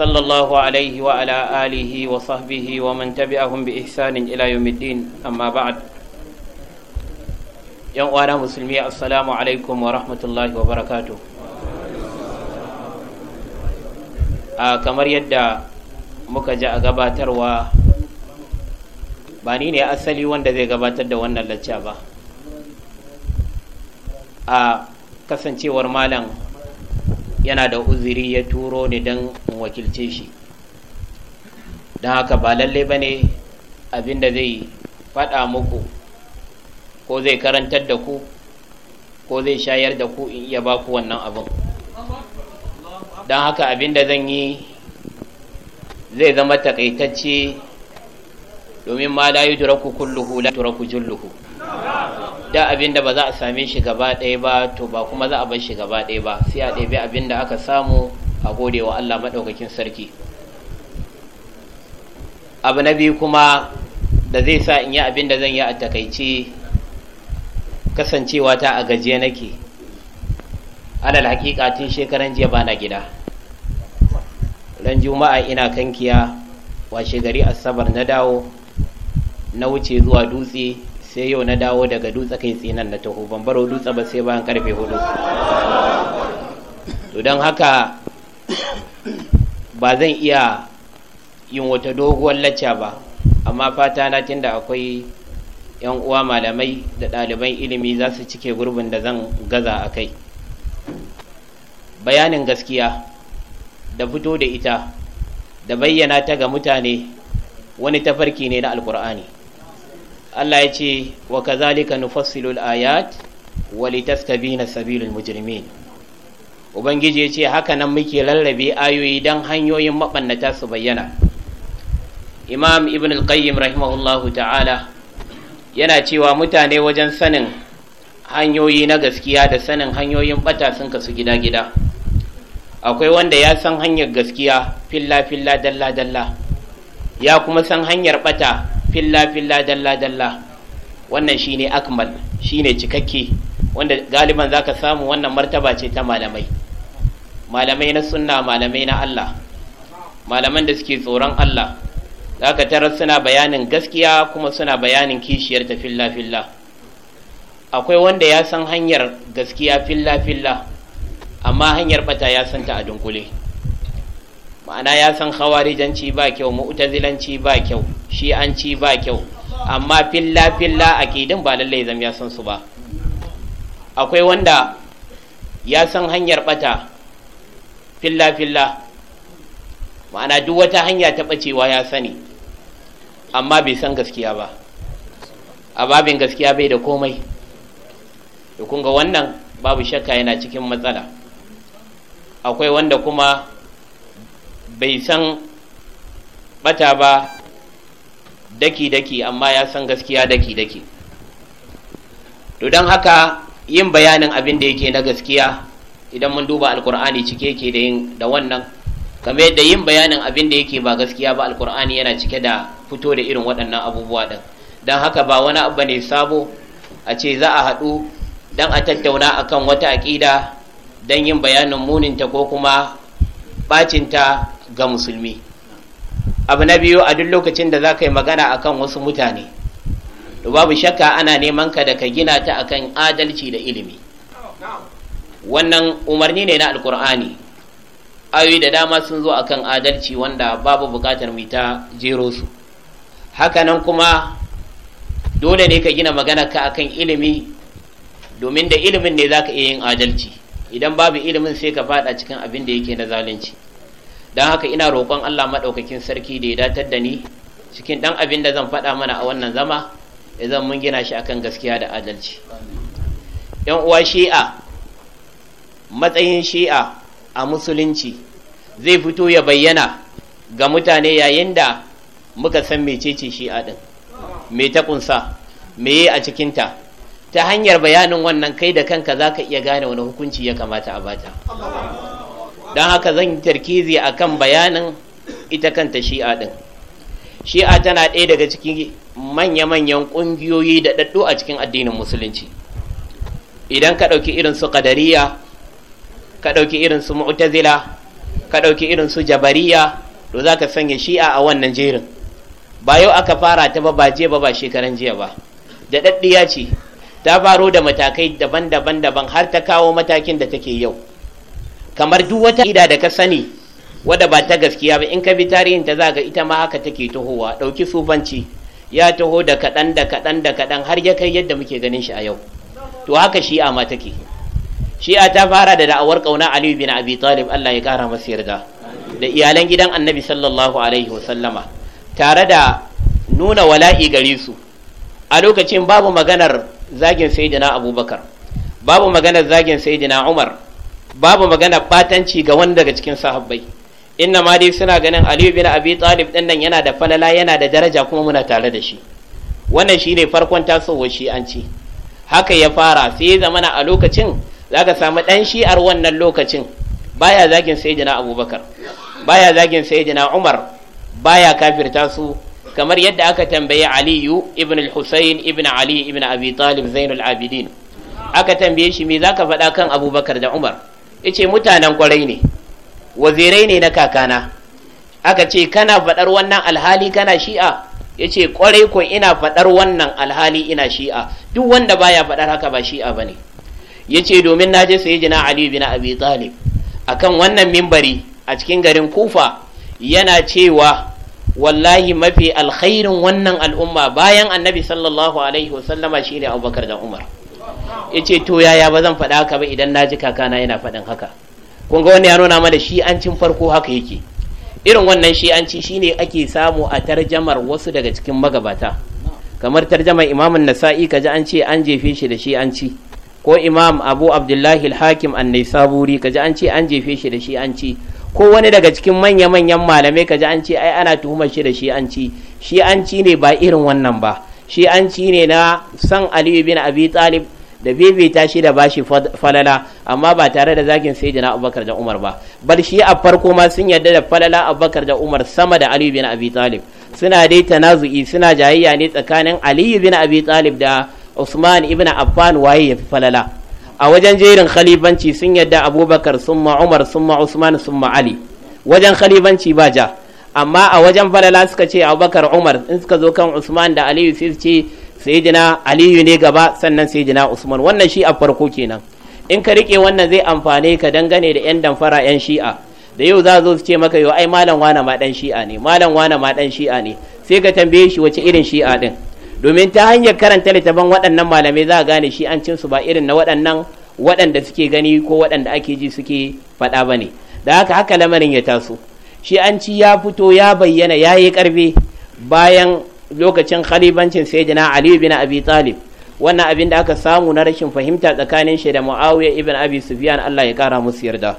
صلى الله عليه وعلى آله وصحبه ومن تبعهم بإحسان إلى يوم الدين أما بعد يوم أنا مسلمي السلام عليكم ورحمة الله وبركاته kamar yadda muka ji a gabatarwa ba ni ne asali wanda zai gabatar da wannan lacca ba a kasancewar malam yana da uziri ya turo ni don wakilce shi don haka ba lalle ba ne abinda zai faɗa muku ko zai karantar da ku ko zai shayar da ku in iya ba ku wannan abin don haka abin da zan yi zai zama takaitacce domin ma la yi turaku kulluhu la turaku julluhu da abin da ba za a same shi gaba ɗaya ba to ba kuma za a bar shi gaba ɗaya ba sai a ɗabi abin da aka samu a gode wa Allah maɗaukakin sarki abu na biyu kuma da zai sa in yi abin da zan yi a takaice kasancewa ta a gajiya nake alal hakika tun shekaran jiya bana gida ran juma'a ina kankiya washe gari asabar na dawo na wuce zuwa dutse sai yau na dawo daga dutse kai tsinan na taho ban baro dutse ba sai bayan karfe hudu to don haka ba zan iya yin wata doguwar lacca ba amma fata na tunda akwai yan uwa malamai da ɗaliban ilimi za su cike gurbin da zan gaza a kai bayanin gaskiya da fito da ita da bayyana ta ga mutane wani tafarki ne na alkur'ani Allah ya ce wa kazalika nufassilul ayat wa litastabina sabilul mujrimin ubangiji ya ce haka nan muke lallabe ayoyi dan hanyoyin mabannata su bayyana imam ibn al-qayyim rahimahullahu ta'ala yana cewa mutane wajen sanin hanyoyi na gaskiya da sanin hanyoyin bata sun kasu gida-gida akwai wanda ya san hanyar gaskiya filla-filla dalla-dalla ya kuma san hanyar bata filla filla dalla dalla wannan shine akmal shine cikakke wanda galiban zaka samu wannan martaba ce ta malamai malamai na sunna malamai na Allah malaman da suke tsoron Allah zaka tarar suna bayanin gaskiya kuma suna bayanin kishiyar ta filla filla akwai wanda ya san hanyar gaskiya filla filla amma hanyar bata ya santa a dunkule ma'ana ya san khawarijanci ba kyau mu'tazilanci ba kyau shi'anci ba kyau amma filla filla akidin ba lallai zam ya san su ba akwai wanda ya san hanyar bata filla filla ma'ana duk wata hanya ta bacewa ya sani amma bai san gaskiya ba a babin gaskiya bai da komai da kunga wannan babu shakka yana cikin matsala akwai wanda kuma bai san bata ba daki-daki amma ya san gaskiya daki-daki to don haka yin bayanin abin da yake na gaskiya idan mun duba alkur'ani cike yake da yin wannan kamar yadda yin bayanin abin da yake ba gaskiya ba alkur'ani yana cike da fito da irin waɗannan abubuwa ɗin don haka ba wani abu ne sabo a ce za a haɗu don a tattauna akan wata aƙida don yin bayanin muninta ko kuma bacinta. ga musulmi abu na biyu a duk lokacin da za ka yi magana a kan wasu mutane to babu shakka ana neman ka da ka gina ta akan adalci da ilimi wannan umarni ne na alkur'ani ayoyi da dama sun zo akan adalci wanda babu bukatar mu jero su hakanan kuma dole ne ka gina magana ka akan ilimi domin da ilimin ne za ka iya yin adalci idan babu ilimin sai ka fada cikin abin da yake na zalunci don haka ina roƙon Allah maɗaukakin sarki da ya datar da ni cikin ɗan abin da zan faɗa mana a wannan zama ya zan mun gina shi akan gaskiya da adalci ‘yan uwa shi'a matsayin shi'a a musulunci zai fito ya bayyana ga mutane yayin da muka san mecece shi'a ɗin me ta ƙunsa yi a cikinta ta hanyar bayanin wannan kai da kanka za ka iya gane wani hukunci ya kamata a bata. don haka zan tarkizi a kan bayanin ita kanta shi'a ɗin shi'a tana ɗaya daga cikin manya-manyan ƙungiyoyi da ɗaɗɗu a cikin addinin musulunci idan ka ɗauki irin su ƙadariya ka ɗauki irin su mu'tazila ka ɗauki irin su jabariya to za ka sanya shi'a a wannan jerin ba yau aka fara ta ba ba jiya ba ba shekaran jiya ba da ɗaɗɗiya ce ta faro da matakai daban-daban daban har ta kawo matakin da take yau kamar duk wata ida da ka sani wadda ba ta gaskiya ba in ka bi tarihin ta zaga ita ma haka take tahowa ɗauki sufanci ya taho da kaɗan da kaɗan da kaɗan har ya kai yadda muke ganin shi a yau to haka shi'a ma take shi'a ta fara da da'awar ƙauna aliyu bin abi talib allah ya ƙara masa yarda da iyalan gidan annabi sallallahu alaihi wasallama tare da nuna wala'i gare su a lokacin babu maganar zagin sayyidina abubakar babu maganar zagin sayyidina umar babu magana batanci ga wani daga cikin sahabbai inna ma dai suna ganin aliyu bin abi talib din nan yana da falala yana da daraja kuma muna tare da shi wannan shine farkon tasowar shi an ci haka ya fara sai ya zamana a lokacin zaka samu dan shi'ar wannan lokacin baya zagin sayyidina abubakar baya zagin sayyidina umar baya kafirta su kamar yadda aka tambaye aliyu ibn al-husayn ibn ali ibn abi talib zainul abidin aka tambaye shi me zaka faɗa kan abubakar da umar ya ce mutanen kwarai ne wazirai ne na kakana aka ce kana faɗar wannan alhali kana shi'a ya ce kwarai ko ina faɗar wannan alhali ina shi'a duk wanda baya faɗar haka ba shi'a bane. ne ce domin na je sai jina ali bin abi talib akan wannan mimbari a cikin garin kufa yana cewa wallahi mafi alkhairin wannan al'umma bayan annabi sallallahu alaihi wasallama shine abubakar da umar ya ce to yaya ba zan faɗa haka ba idan na ji kakana yana faɗin haka kun ga wani ya nuna mana shi'ancin farko haka yake irin wannan shi'anci shine ake samu a tarjamar wasu daga cikin magabata kamar tarjamar imamun nasa'i kaji an ce an jefe shi da shi'anci ko imam abu abdullahi hakim annai saburi kaji an ce an jefe shi da shi'anci ko wani daga cikin manya-manyan malamai kaji an ce ai ana tuhumar shi da shi'anci shi'anci ne ba irin wannan ba shi'anci ne na san aliyu bin abi talib da fifita shi da bashi falala amma ba tare da zagin sayyidina abubakar da umar ba bal shi a farko ma sun yarda da falala abubakar da umar sama da aliyu bin abi talib suna dai tanazu'i suna jayayya ne tsakanin aliyu bin abi talib da usman ibn affan waye ya fi falala a wajen jerin khalifanci sun yarda abubakar summa umar summa usman summa ali wajen khalifanci ba ja amma a wajen falala suka ce abubakar umar in suka zo kan usman da aliyu sai su ce sayyidina aliyu ne gaba sannan sayyidina usman wannan shi a farko kenan in ka rike wannan zai amfane ka dangane da yan damfara yan shi'a da yau za zo su ce maka yau ai malam wana ma dan shi'a ne malam wana ma dan shi'a ne sai ka tambaye shi wace irin shi'a din domin ta hanyar karanta littafin waɗannan malamai za a gane shi an cin su ba irin na waɗannan waɗanda suke gani ko waɗanda ake ji suke faɗa ba ne da haka haka lamarin ya taso shi an ci ya fito ya bayyana ya yi ƙarfi bayan lokacin khalifancin sayyidina ali bin abi talib wannan abin da aka samu na rashin fahimta tsakanin shi da muawiya ibn abi sufyan Allah ya kara musu yarda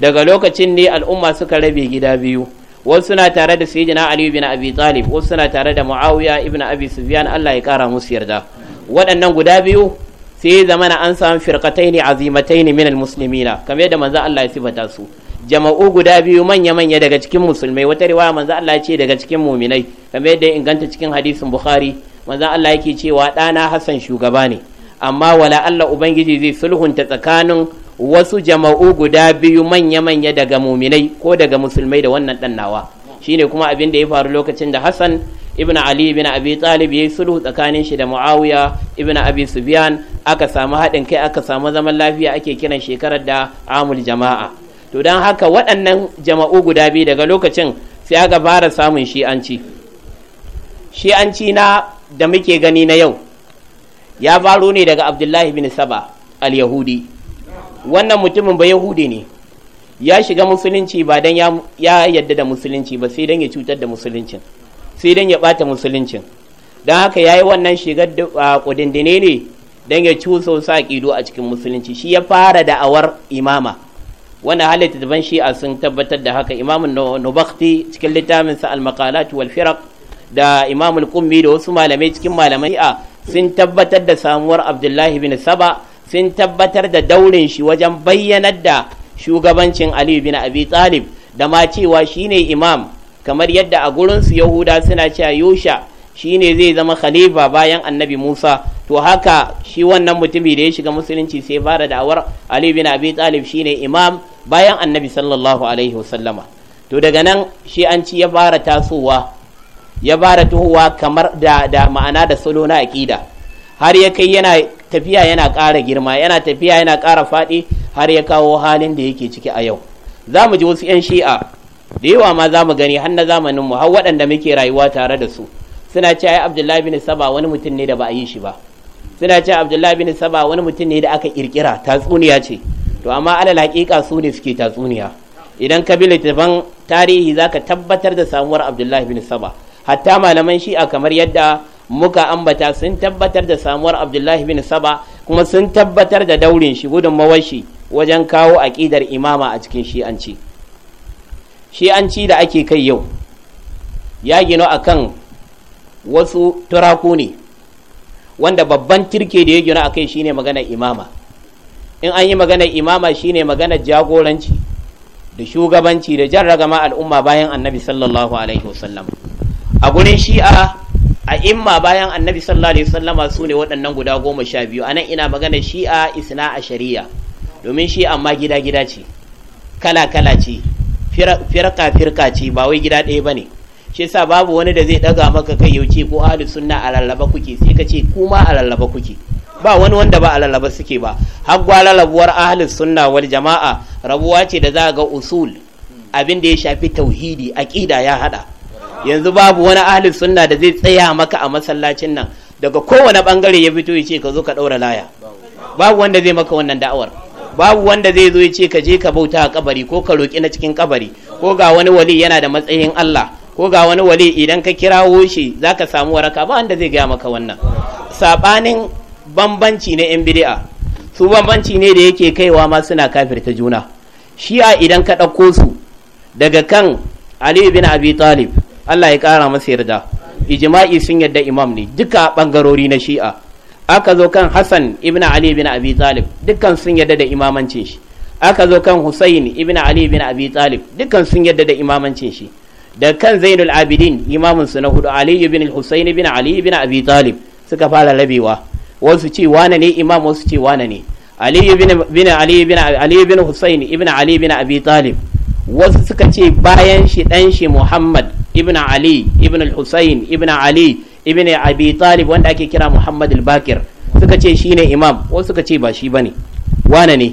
daga lokacin ne al'umma suka rabe gida biyu wasu na tare da sayyidina ali bin abi talib wasu na tare da muawiya ibn abi sufyan Allah ya kara musu yarda waɗannan guda biyu sai zamana an samu firqataini azimataini min al kamar yadda manzo Allah ya sifata su jama'u guda biyu manya-manya daga cikin musulmai wata riwaya manzo Allah ya ce daga cikin muminai kamar yadda inganta cikin hadisin bukhari manzo Allah yake cewa ɗana hassan shugaba ne amma wala Allah ubangiji zai sulhunta tsakanin wasu jama'u guda biyu manya-manya daga muminai ko daga musulmai da wannan ɗan nawa shine kuma abin da ya faru lokacin da Hassan ibn Ali ibn Abi Talib yayi sulhu tsakanin shi da Muawiya ibn Abi Sufyan aka samu haɗin kai aka samu zaman lafiya ake kiran shekarar da Amul Jama'a to don haka waɗannan jama'u guda biyu daga lokacin sai aka fara samun shi'anci shi'anci na da muke gani na yau ya faro ne daga abdullahi bin saba al-yahudi wannan mutumin ba yahudi ne ya shiga musulunci ba don ya yadda da musulunci ba sai don ya cutar da musuluncin sai don ya ɓata musuluncin don haka ya yi wannan shigar kudindine ne don ya cuso sa a cikin musulunci shi ya fara da'awar imama wannan halin tattaban shi'a sun tabbatar da haka imamun nubakti cikin littafin sa al-maqalat wal Firak da imamul qummi da wasu malamai cikin malamai a sun tabbatar da samuwar abdullahi bin saba sun tabbatar da daurin shi wajen bayyanar da shugabancin aliyu bin abi talib da ma cewa shine imam kamar yadda a gurinsu yahuda suna cewa yusha Shi ne zai zama khalifa bayan annabi Musa to haka shi wannan mutumi da ya shiga musulunci sai fara da'awar Ali bin Abi Talib ne imam bayan annabi sallallahu alaihi wasallama to daga nan shi an ci ya fara tasowa ya fara tuhowa kamar da da ma'ana da salo na aƙida, har ya kai yana tafiya yana ƙara girma yana tafiya yana ƙara faɗi har ya kawo halin da yake ciki a yau za mu ji wasu 'yan shi'a da yawa ma za mu gani har na zamaninmu har waɗanda muke rayuwa tare da su suna ce ai abdullahi bin saba wani mutum ne da ba a yi shi ba suna ce abdullahi bin saba wani mutum ne da aka kirkira tatsuniya ce to amma alal hakika su ne suke tatsuniya idan ka bi littafan tarihi zaka tabbatar da samuwar abdullahi bin saba hatta malaman shi'a kamar yadda muka ambata sun tabbatar da samuwar abdullahi bin saba kuma sun tabbatar da daurin shi gudunmawar shi wajen kawo aƙidar imama a cikin shi'anci shi'anci da ake kai yau ya gino akan wasu turaku ne wanda babban tirke da ya gina a kai shine magana imama in an yi maganar imama shine maganar jagoranci da shugabanci da jan ragama al'umma bayan annabi sallallahu alaihi wasallam a gurin shi'a a imma bayan annabi sallallahu alaihi wasallama su ne waɗannan guda goma sha biyu a nan ina magana shi'a isna a shari'a domin shi'a ma gida gida ce kala kala ce firka firka ce ba wai gida ɗaya ba ne shi yasa babu wani da zai daga maka kai yauce ko ahli sunna a lallaba kuke sai ka ce kuma a lallaba kuke ba wani wanda ba a lallaba suke ba har gwala labuwar ahli sunna wal jama'a rabuwa ce da za ga usul abin da ya shafi tauhidi aqida ya hada yanzu babu wani ahli sunna da zai tsaya maka a masallacin nan daga kowane bangare ya fito ya ce ka zo ka daura laya babu wanda zai maka wannan da'awar babu wanda zai zo ya ce ka je ka bauta a kabari ko ka roki na cikin kabari ko ga wani wali yana da matsayin Allah ko ga wani wali idan ka kirawo shi za ka samu waraka ba wanda zai gaya maka wannan saɓanin bambanci na yan bidi'a su bambanci ne da yake kaiwa ma suna kafirta juna shi'a idan ka ɗauko su daga kan ali bin abi talib allah ya ƙara masa yarda ijma'i sun yadda imam ne duka ɓangarori na shi'a aka zo kan hassan ibn ali bin abi talib dukkan sun yadda da imamancin shi aka zo kan hussain ibn Ali bin Abi Talib dukkan sun yadda da imamancin shi da kan zainul abidin imamin na hudu aliyu bin husaini bin aliyu bin abi talib suka fara rabewa wasu ce wane ne imam wasu ce wane ne aliyu bin aliyu bin aliyu bin husaini ibn ali bin abi talib wasu suka ce bayan shi dan shi muhammad ibn ali ibn husain ibn ali ibn abi talib wanda ake kira muhammad al-bakir suka ce shine imam wasu suka ce ba shi bane wane ne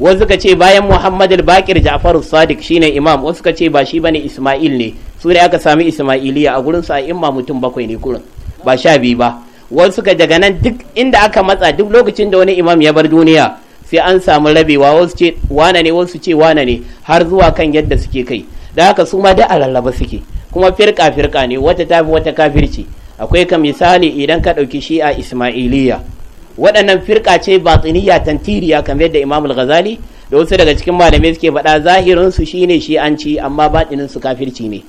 wasu suka ce bayan Muhammad al-Baqir Ja'far sadiq shine imam wasu suka ce ba shi bane Isma'il ne su da aka sami Isma'iliya a gurin su a imma mutum bakwai ne kurin ba sha biyu ba wasu suka daga nan duk inda aka matsa duk lokacin da wani imam ya bar duniya sai an samu rabewa wasu ce wane ne wasu ce wane ne har zuwa kan yadda suke kai da haka su ma da a rarraba suke kuma firka firka ne wata tafi wata kafirci akwai ka misali idan ka ɗauki shi a Isma'iliya waɗannan firka ce batiniya tantiriya kamar yadda imam al-ghazali da wasu daga cikin malamai suke faɗa zahirin su shine shi'anci amma batinin su kafirci ne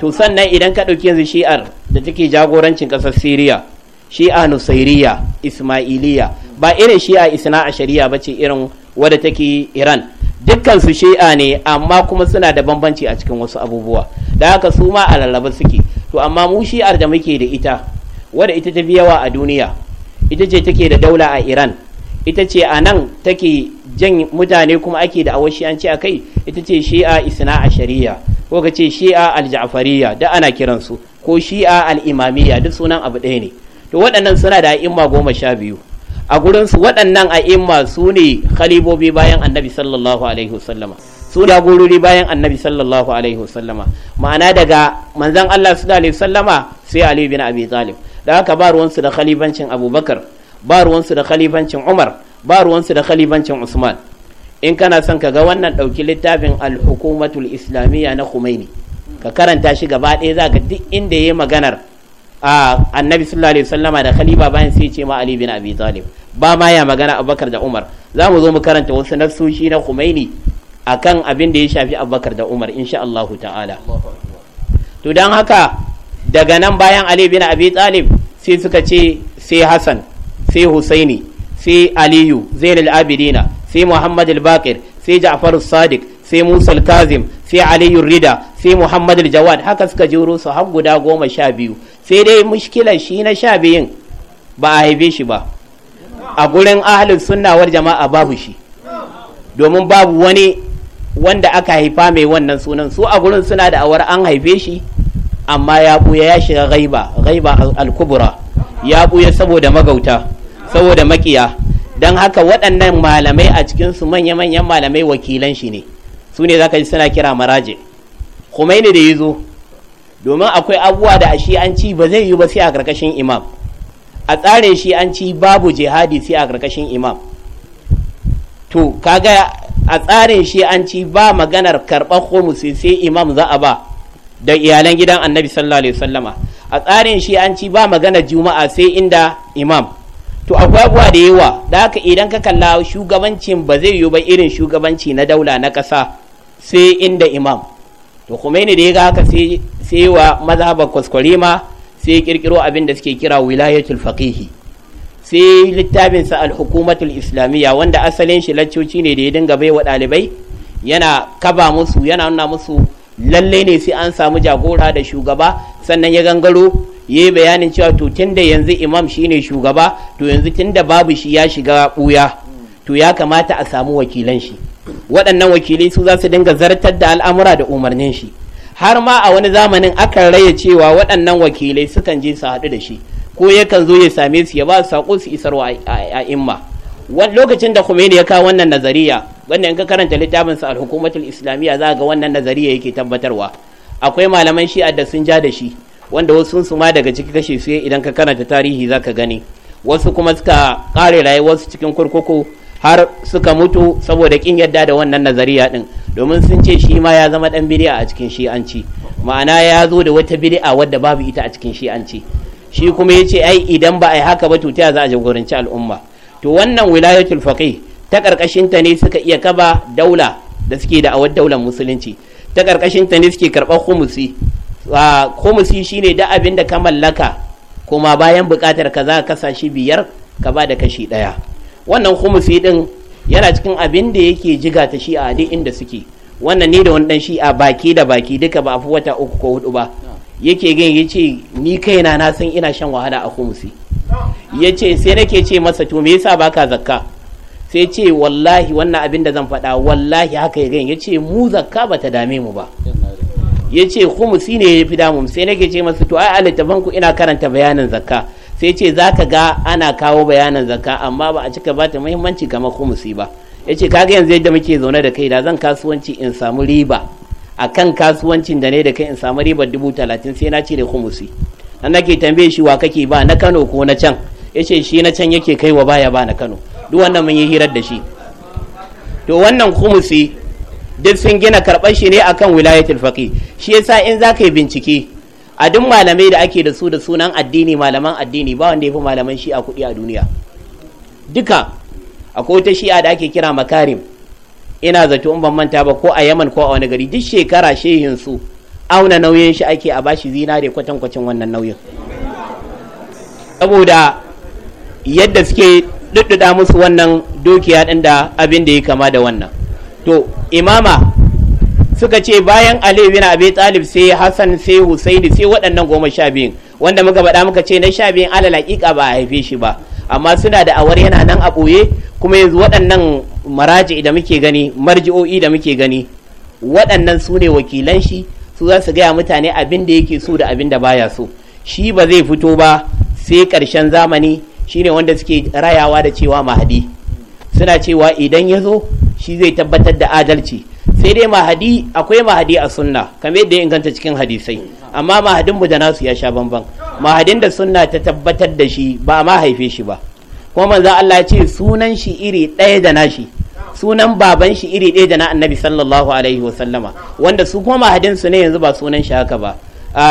to sannan idan ka ɗauki yanzu shi'ar da take jagorancin ƙasar siriya shi'a nusairiya ismailiya ba irin shi'a isna a shari'a ba ce irin wadda take iran dukkan su shi'a ne amma kuma suna da bambanci a cikin wasu abubuwa da haka su ma a lallaba suke to amma mu shi'ar da muke da ita wadda ita ta fi yawa a duniya ita ce take da daula a iran ita ce a nan take jan mutane kuma ake da awashi an ce a kai ita ce shi'a isna a shari'a ko ka ce shi'a alja'fariya da ana kiransu ko shi'a imamiyya duk sunan abu ɗaya ne to waɗannan suna da a'imma goma sha biyu a gurinsu waɗannan a'imma su ne khalibobi bayan annabi sallallahu alaihi wasallama su da gururi bayan annabi sallallahu alaihi wasallama ma'ana daga manzon Allah sallallahu alaihi wasallama sai Ali bin Abi Talib da haka ba ruwansu da khalifancin abubakar ba ruwansu da khalifancin umar ba ruwansu da khalifancin usman in kana son ka ga wannan ɗauki littafin hukumatul islamiyya na Khumaini ka karanta shi gaba ɗaya za ka duk inda ya yi maganar a annabi sallallahu alaihi wasallama da khalifa bayan sai ce ma ali bin abi talib ba ma ya magana abubakar da umar za mu zo mu karanta wasu nafsoshi na Khumaini akan abin da ya shafi abubakar da umar insha Allah ta'ala to don haka daga nan bayan ali bin abi talib sai suka ce sai Hassan sai Husaini sai Aliyu Zainul Abidina sai Muhammad al-Baqir sai Ja'far sadiq sai Musa al-Kazim sai Aliyu Rida sai Muhammad al-Jawad haka suka jiro su har guda goma sha biyu sai dai mushkilar shi na sha biyun ba a haife shi ba a gurin ahalin sunnawar jama'a babu shi domin babu wani wanda aka haifa mai wannan sunan su a gurin suna da awar an haife shi amma ya buya ya shiga ghaiba ghaiba al-kubra ya buya saboda magauta saboda makiya dan haka waɗannan malamai a cikin su manya-manyan malamai wakilan shi ne su ne zaka ji suna kira maraje ne da yazo domin akwai abubuwa da a shi'anci ba zai yi ba sai a karkashin imam a tsarin shi'anci babu jihadi sai a karkashin imam to kaga a tsarin shi'anci ba maganar karɓar homus sai imam za a ba don iyalan gidan annabi sallallahu alaihi wasallama a tsarin shi an ci ba magana juma'a sai inda imam to akwai abuwa da yawa da haka idan ka kalla shugabancin ba zai yiwu ba irin shugabanci na daula na ƙasa sai inda imam to kuma ne da ya ga haka sai wa mazhabar ma sai kirkiro abin da suke kira wilayatul faqihi sai littafin sa al-hukumatul islamiyya wanda asalin shi laccoci ne da ya dinga bai wa ɗalibai yana kaba musu yana nuna musu Lallai ne sai an samu jagora da shugaba sannan ya gangaro ya yi bayanin cewa to tun da yanzu imam shine shugaba to yanzu tun da babu shi ya shiga buya to ya kamata a samu wakilan shi waɗannan wakilai su za su dinga zartar da al'amura da umarnin shi har ma a wani zamanin akan raya cewa waɗannan wakilai sukan je su haɗu da shi ko yakan zo ya same su ya ba su saƙo su isarwa a imma lokacin da Khomeini ya kawo wannan nazariya wanda in ka karanta littafin sa al-hukumatul islamiyya za ga wannan nazariya yake tabbatarwa akwai malaman shi'a da sun ja da shi wanda wasu su ma daga ciki kashe su idan ka karanta tarihi ka gani wasu kuma suka kare su cikin kurkuku har suka mutu saboda kin yadda da wannan nazariya din domin sun ce shi ma ya zama dan bid'a a cikin shi'anci ma'ana ya zo da wata bid'a wadda babu ita a cikin shi'anci shi kuma ya ce ai idan ba ai haka ba to ta za a jagoranci al'umma to wannan wilayatul faqih ta karkashin ta ne suka iya kaba daula da suke da awar daular musulunci ta karkashin ta ne suke karɓar humusi humusi shine da abin da ka mallaka kuma bayan buƙatar ka za ka kasa shi biyar ka ba da kashi ɗaya wannan humusi din yana cikin abin da yake jiga ta shi a duk inda suke wannan ne da wani dan shi a baki da baki duka ba a fi wata uku ko hudu ba yake gan ya ce ni kaina na san ina shan wahala a kumusi ya ce sai nake ce masa to me yasa baka zakka sai ce wallahi wannan abin da zan faɗa wallahi haka ya gan ya ce mu zakka ba ta dame mu ba ya ce kumusi ne ya fi damu sai nake ce masa to ai a littafin ku ina karanta bayanin zakka sai ce za ka ga ana kawo bayanin zakka amma ba a cika ba ta muhimmanci kamar kumusi ba ya ce kaga yanzu yadda muke zaune da kai da zan kasuwanci in samu riba a kan kasuwancin da ne da kai in samu ribar dubu talatin sai na cire kumusi. na nake tambaye shi wa kake ba na kano ko na can ya ce shi na can yake kai wa baya ba na kano duk wannan mun yi hirar da shi to wannan kumusi duk sun gina karɓar shi ne akan wilayatul faki. shi ya sa in za ka yi bincike a duk malamai da ake da su da sunan addini malaman addini ba wanda ya fi malaman shi a kuɗi a duniya duka akwai wata shi'a da ake kira makarim ina zato in ban manta ba ko a yaman ko a wani gari duk shekara shehin su auna nauyin shi ake a bashi zinare kwatankwacin wannan nauyin saboda yadda suke dudduda musu wannan dukiya din da abin da ya kama da wannan to imama suka ce bayan aliyu bin abi talib sai hasan sai husaini sai waɗannan goma sha biyun wanda muka faɗa muka ce na sha biyun alal ba a haife shi ba amma suna da awar yana nan a ɓoye kuma yanzu waɗannan maraji da muke gani marji'o'i da muke gani waɗannan su ne wakilan shi su za su gaya mutane abin da yake so da abin da baya so shi ba zai fito ba sai ƙarshen zamani shine wanda suke rayawa da cewa mahadi suna cewa idan ya zo shi zai tabbatar da adalci sai dai mahadi akwai mahadi a sunna kamar yadda ya inganta cikin hadisai amma mahadin mu da nasu ya sha bamban mahadin da sunna ta tabbatar da shi ba ma haife shi ba kuma manzo Allah ya ce sunan shi iri ɗaya da nashi sunan baban shi iri ɗaya da na annabi sallallahu alaihi wa sallama wanda su kuma mahadin su ne yanzu ba sunan shi haka ba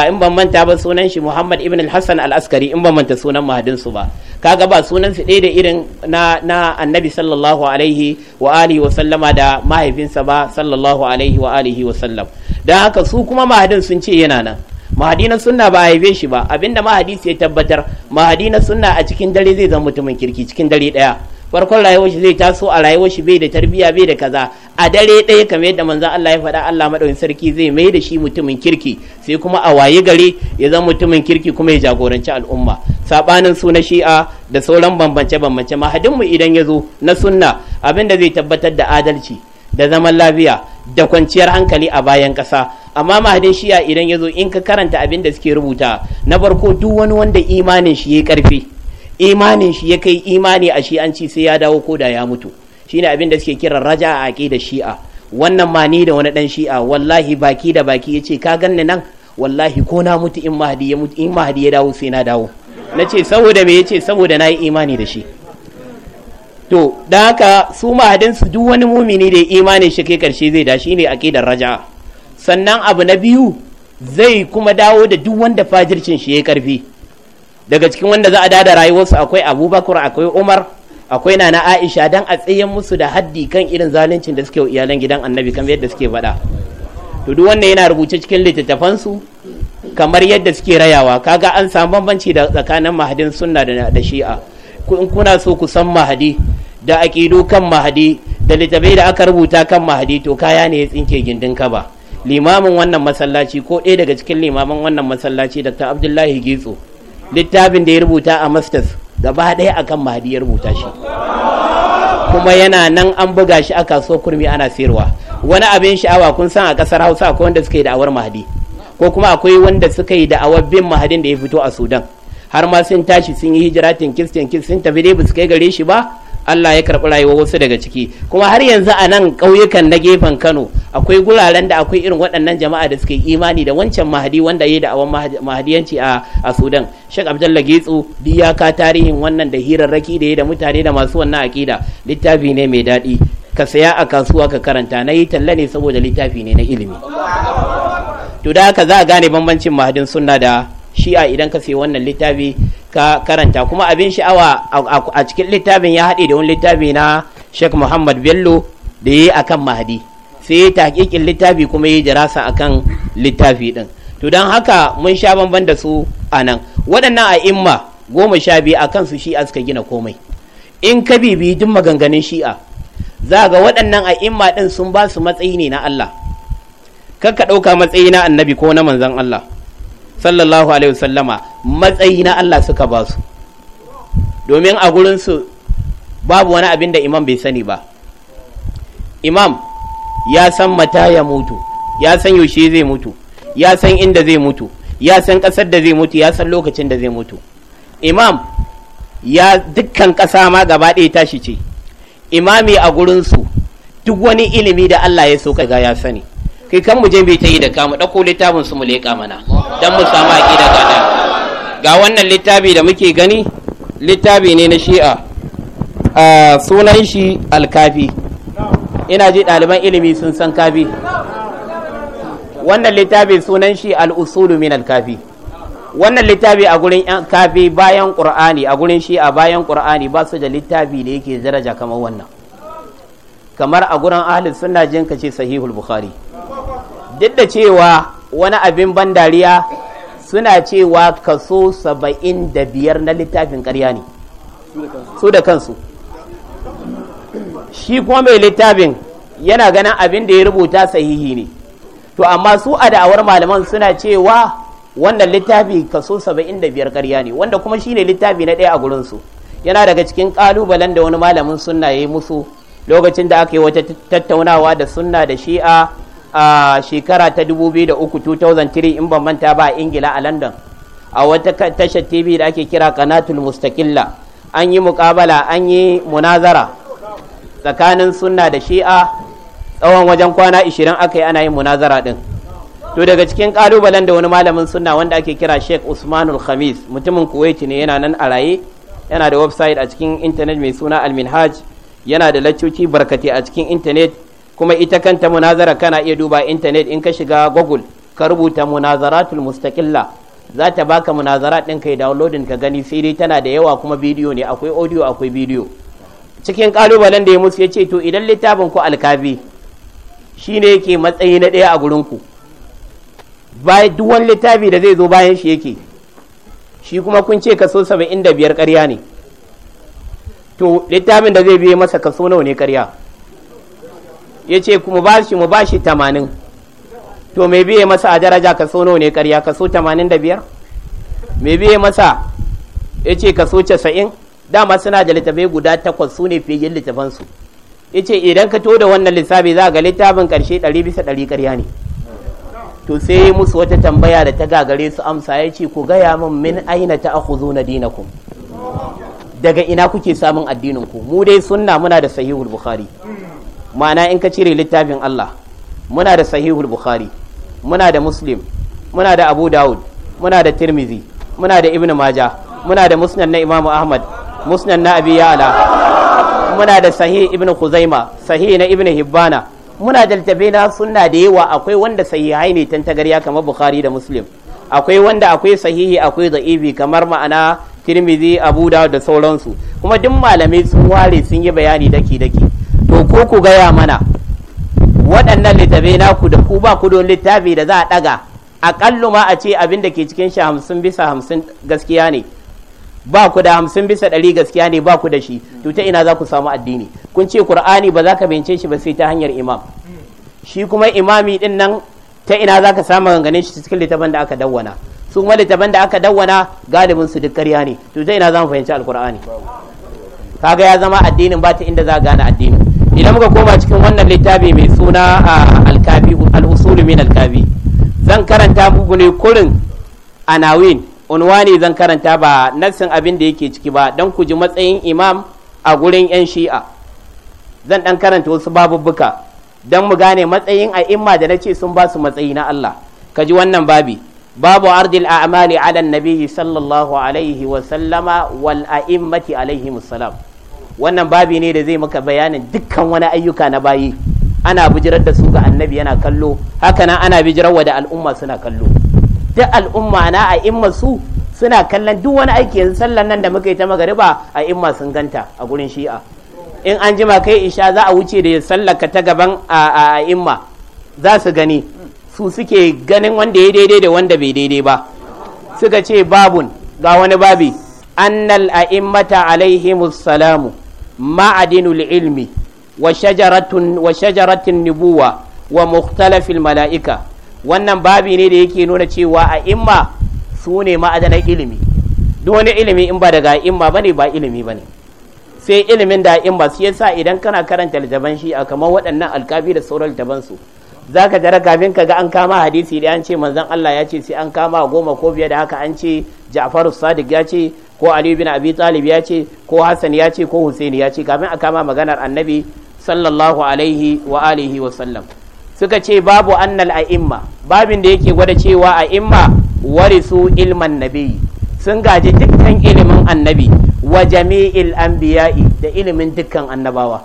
in ban manta ba sunan shi Muhammad ibn al-Hassan al-Askari in ban manta sunan mahadin su ba kaga ba sunan su ɗaya da irin na na annabi sallallahu alaihi wa alihi wa sallama da mahaifinsa ba sallallahu alaihi wa alihi wa sallam dan haka su kuma mahadin sun ce yana nan mahadi sunna ba haife shi ba abinda mahadisi ya tabbatar mahadi sunna a cikin dare zai zama mutumin kirki cikin dare daya farkon rayuwar shi zai taso a rayuwar shi bai da tarbiyya bai da kaza a dare daya kamar yadda manzon Allah ya faɗa Allah madaukakin sarki zai mai da shi mutumin kirki sai kuma a waye gare ya zama mutumin kirki kuma ya jagoranci al'umma sabanin suna shi'a da sauran bambance bambance mahadin mu idan ya zo na sunna abinda zai tabbatar da adalci da zaman lafiya da kwanciyar hankali a bayan ƙasa amma mahadin shiya idan ya zo in ka karanta abin da suke rubuta na farko duk wani wanda imanin shi ya karfi imanin shi ya kai imani a shi an ci sai ya dawo ko da ya mutu shine abin da suke kira raja a da shi'a wannan ma ni da wani dan shi'a wallahi baki da baki ya ce ka ganni nan wallahi ko na mutu in mahadi ya dawo sai na dawo Na ce saboda me ya ce saboda na yi imani da shi to da haka su mahadinsu duk wani mumini da imanin shi kai karshe zai da ne aqidar raja. sannan abu na biyu zai kuma dawo da duk wanda fajircin shi ya karfi daga cikin wanda za a dada rayuwarsu akwai Abubakar akwai Umar akwai nana Aisha dan a tsayen musu da haddi kan irin zaluncin da suke wa iyalan gidan Annabi kamar yadda suke faɗa to duk wannan yana rubuce cikin littattafansu kamar yadda suke rayawa kaga an samu bambanci da tsakanin mahadin sunna da shi'a in kuna so ku san mahadi da aƙidu kan mahadi da littafai da aka rubuta kan mahadi to kaya ne ya tsinke gindin ka ba limamin wannan masallaci ko ɗaya daga cikin limamin wannan masallaci dr abdullahi gitso littafin da ya rubuta a masters gaba ɗaya akan mahadi ya rubuta shi kuma yana nan an buga shi a kasuwar kurmi ana sayarwa wani abin sha'awa kun san a ƙasar hausa akwai wanda suka yi da'awar mahadi ko kuma akwai wanda suka yi da'awar bin mahadin da ya fito a sudan har ma sun tashi sun yi hijira tinkis tinkis sun tafi dai ba su kai gare shi ba Allah ya karɓi rayuwar wasu daga ciki kuma har yanzu a nan ƙauyukan na gefen Kano akwai guraren da akwai irin waɗannan jama'a da suke imani da wancan mahadi wanda ya yi awan mahadiyanci a, a Sudan Sheikh Abdullah Getsu diyaka, tarihin wannan da hirarraki da ya da mutane da masu wannan akida littafi ne mai daɗi ka saya a kasuwa ka karanta na yi talla ne saboda littafi ne na ilimi to da haka za a gane bambancin mahadin sunna da shi'a idan ka sayi wannan littafi ka karanta kuma abin sha'awa a cikin littafin ya haɗe da wani littafi na Sheikh Muhammad Bello da ya yi akan Mahdi sai ya taƙiƙin littafi kuma ya jirasa akan littafi ɗin to don haka mun sha bamban da su a nan waɗannan a imma goma sha biyu a kansu shi'a suka gina komai in ka bibi duk maganganun shi'a za ga waɗannan a imma ɗin sun ba su matsayi ne na Allah kar ka ɗauka matsayi na annabi ko na manzon Allah sallallahu alaihi wasallama matsayi na Allah suka ba su domin a gurinsu babu wani abin da imam bai sani ba imam ya san mata ya mutu ya san yaushe zai mutu ya san inda zai mutu ya san ƙasar da zai mutu ya san lokacin da zai mutu imam ya dukkan ƙasa ma gaba ɗaya tashi ce imami a gurinsu duk wani ilimi da Allah ya so ga ya sani kai kan mu je mu ta yi da kamu mu ɗauko littafin su mu leƙa mana dan mu samu aƙida gada ga wannan littafi da muke gani littafi ne na shi'a sunan shi alkafi ina ji ɗaliban ilimi sun san kafi wannan littafi sunan shi al'usulu min alkafi wannan littafi a gurin kafi bayan ƙur'ani a gurin shi'a bayan ƙur'ani ba su da littafi da yake daraja kamar wannan kamar a gurin ahlus sunna jinka ce sahihul bukhari duk da cewa wani abin ban dariya suna cewa kaso saba'in da biyar na littafin karya ne su da kansu shi kuma mai littafin yana ganin abin da ya rubuta sahihi ne to amma su a da'awar malaman suna cewa wannan littafi kaso saba'in da biyar karya ne wanda kuma shi ne littafi na ɗaya a gurinsu yana daga cikin ƙalubalen da wani malamin sunna ya yi musu lokacin da aka yi wata tattaunawa da sunna da shi'a a shekara ta 2003 2003 in ban manta ba a ingila a london a wata tashar tv da ake kira kanatul mustakilla an yi mukabala an yi munazara tsakanin sunna da shi'a tsawon wajen kwana 20 aka yi ana yin munazara din to daga cikin kalubalen da wani malamin sunna wanda ake kira sheikh usmanul khamis mutumin kuwaiti ne yana nan a raye yana da website a cikin intanet mai suna alminhaj yana da lacoci barkate a cikin intanet kuma ita kanta munazara kana iya duba intanet in ka shiga google ka rubuta munazaratul mustaqilla za ta baka munazara ɗin kai downloading ka gani sai dai tana da yawa kuma bidiyo ne akwai audio akwai bidiyo cikin kalubalen da ya musu ya ce to idan littafin ku alkabi shine yake matsayi na ɗaya a gurin ku bai duk wani littafi da zai zo bayan shi yake shi kuma kun ce kaso saba'in da biyar ƙarya ne to littafin da zai biye masa kaso nawa ne karya? ya ce mu shi mu ba shi tamanin to mai biye masa a daraja kaso nawa ne karya kaso tamanin da biyar mai biye masa ya ce kaso casa'in dama suna da littafai guda takwas su ne fiye littafansu ya ce idan ka to da wannan lissafi za ga littafin karshe ɗari bisa ɗari karya ne to sai yi musu wata tambaya da ta gagare su amsa ya ce ku gaya min min aina ta aku zo na dinakum daga ina kuke samun addinin ku mu dai sunna muna da sahihul bukhari ma'ana in ka cire littafin Allah muna da sahihul bukhari muna da muslim muna da abu da'ud, muna da tirmizi muna da ibn maja muna da musnad na imamu ahmad musnad na abi ya'la muna da sahih ibn khuzaima sahih na ibn hibbana muna da littafai na sunna da yawa akwai wanda sahihai ne ya kamar bukhari da muslim akwai wanda akwai sahihi akwai da'ibi kamar ma'ana tirmizi abu daud da sauransu kuma duk malamai sun ware sun yi bayani daki daki to ko ku gaya mana waɗannan littafai naku da ku ba ku don littafi da za a ɗaga aƙallu ma a ce abin da ke cikin shi hamsin bisa hamsin gaskiya ne ba ku da hamsin bisa ɗari gaskiya ne ba ku da shi to ta ina za ku samu addini kun ce qur'ani ba za ka bince shi ba sai ta hanyar imam shi kuma imami din nan ta ina za ka samu ganganin shi cikin littafin da aka dawwana su kuma littafin da aka dawwana galibin su duk ƙarya ne to ta ina za mu fahimci alqur'ani kaga ya zama addinin ba ta inda za gane addinin idan muka koma cikin wannan littafi mai suna a alkafi al'usulu min alkafi zan karanta muku ne kurin anawin unwani zan karanta ba nassin abin da yake ciki ba don ku ji matsayin imam a gurin 'yan shi'a zan dan karanta wasu babubbuka don mu gane matsayin a imma da na ce sun ba su matsayi na Allah ka ji wannan babi babu ardil a'mali ala nabiyyi sallallahu alaihi wa sallama wal a'immati alaihi musallam wannan babi ne da zai maka bayanin dukkan wani ayyuka na bayi ana bijirar da su ga annabi yana kallo Hakanan ana ana wa da al'umma suna kallo duk al'umma na a imma su suna kallon duk wani aiki yanzu sallan nan da muka yi ta magariba a imma sun ganta a gurin shi'a in an jima kai isha za a wuce da sallaka ta gaban a imma za su gani su suke ganin wanda ya daidai da wanda bai daidai ba suka ce babun ga wani babi annal a'immata alaihimus salamu ma'adinul العلم wa shajaratun wa shajaratin nubuwa wa mala'ika wannan babi ne da yake nuna cewa a imma su ne ma'adanan ilimi duk wani ilimi in ba daga imma bane ba ilimi bane sai ilimin da imma su yasa idan kana karanta littafan shi a kamar waɗannan alkafi da sauran littafan su zaka jira kafin ka ga an kama hadisi da an ce manzon Allah ya ce sai an kama goma ko biyar da haka an ce Ja'faru Sadiq ya ce ko Ali bin Abi Talib ya ce ko Hassan ya ce ko Hussein ya ce kafin a kama maganar annabi sallallahu alaihi wa alihi wa sallam suka ce babu annal a'imma babin da yake gwada cewa a'imma warisu ilman nabi sun gaji dukkan ilimin annabi wa jami'il anbiya'i da ilimin dukkan annabawa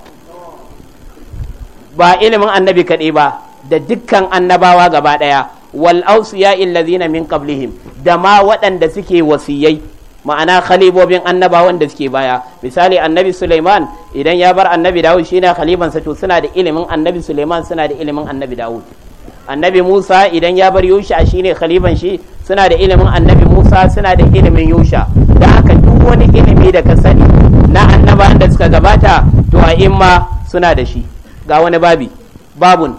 ba ilimin annabi kaɗai ba da dukkan annabawa gaba ɗaya wal ya ladzina min qablihim da ma waɗanda suke wasiyai ma'ana khalibobin annaba wanda suke baya misali annabi Suleiman idan ya bar annabi Dawud shine khalibansa to suna da ilimin annabi Suleiman suna da ilimin annabi Dawud annabi Musa idan ya bar Yusha shine khaliban shi suna da ilimin annabi Musa suna da ilimin Yusha da aka duk wani ilimi da ka sani na annaba da suka gabata to a imma suna da shi ga wani babi babun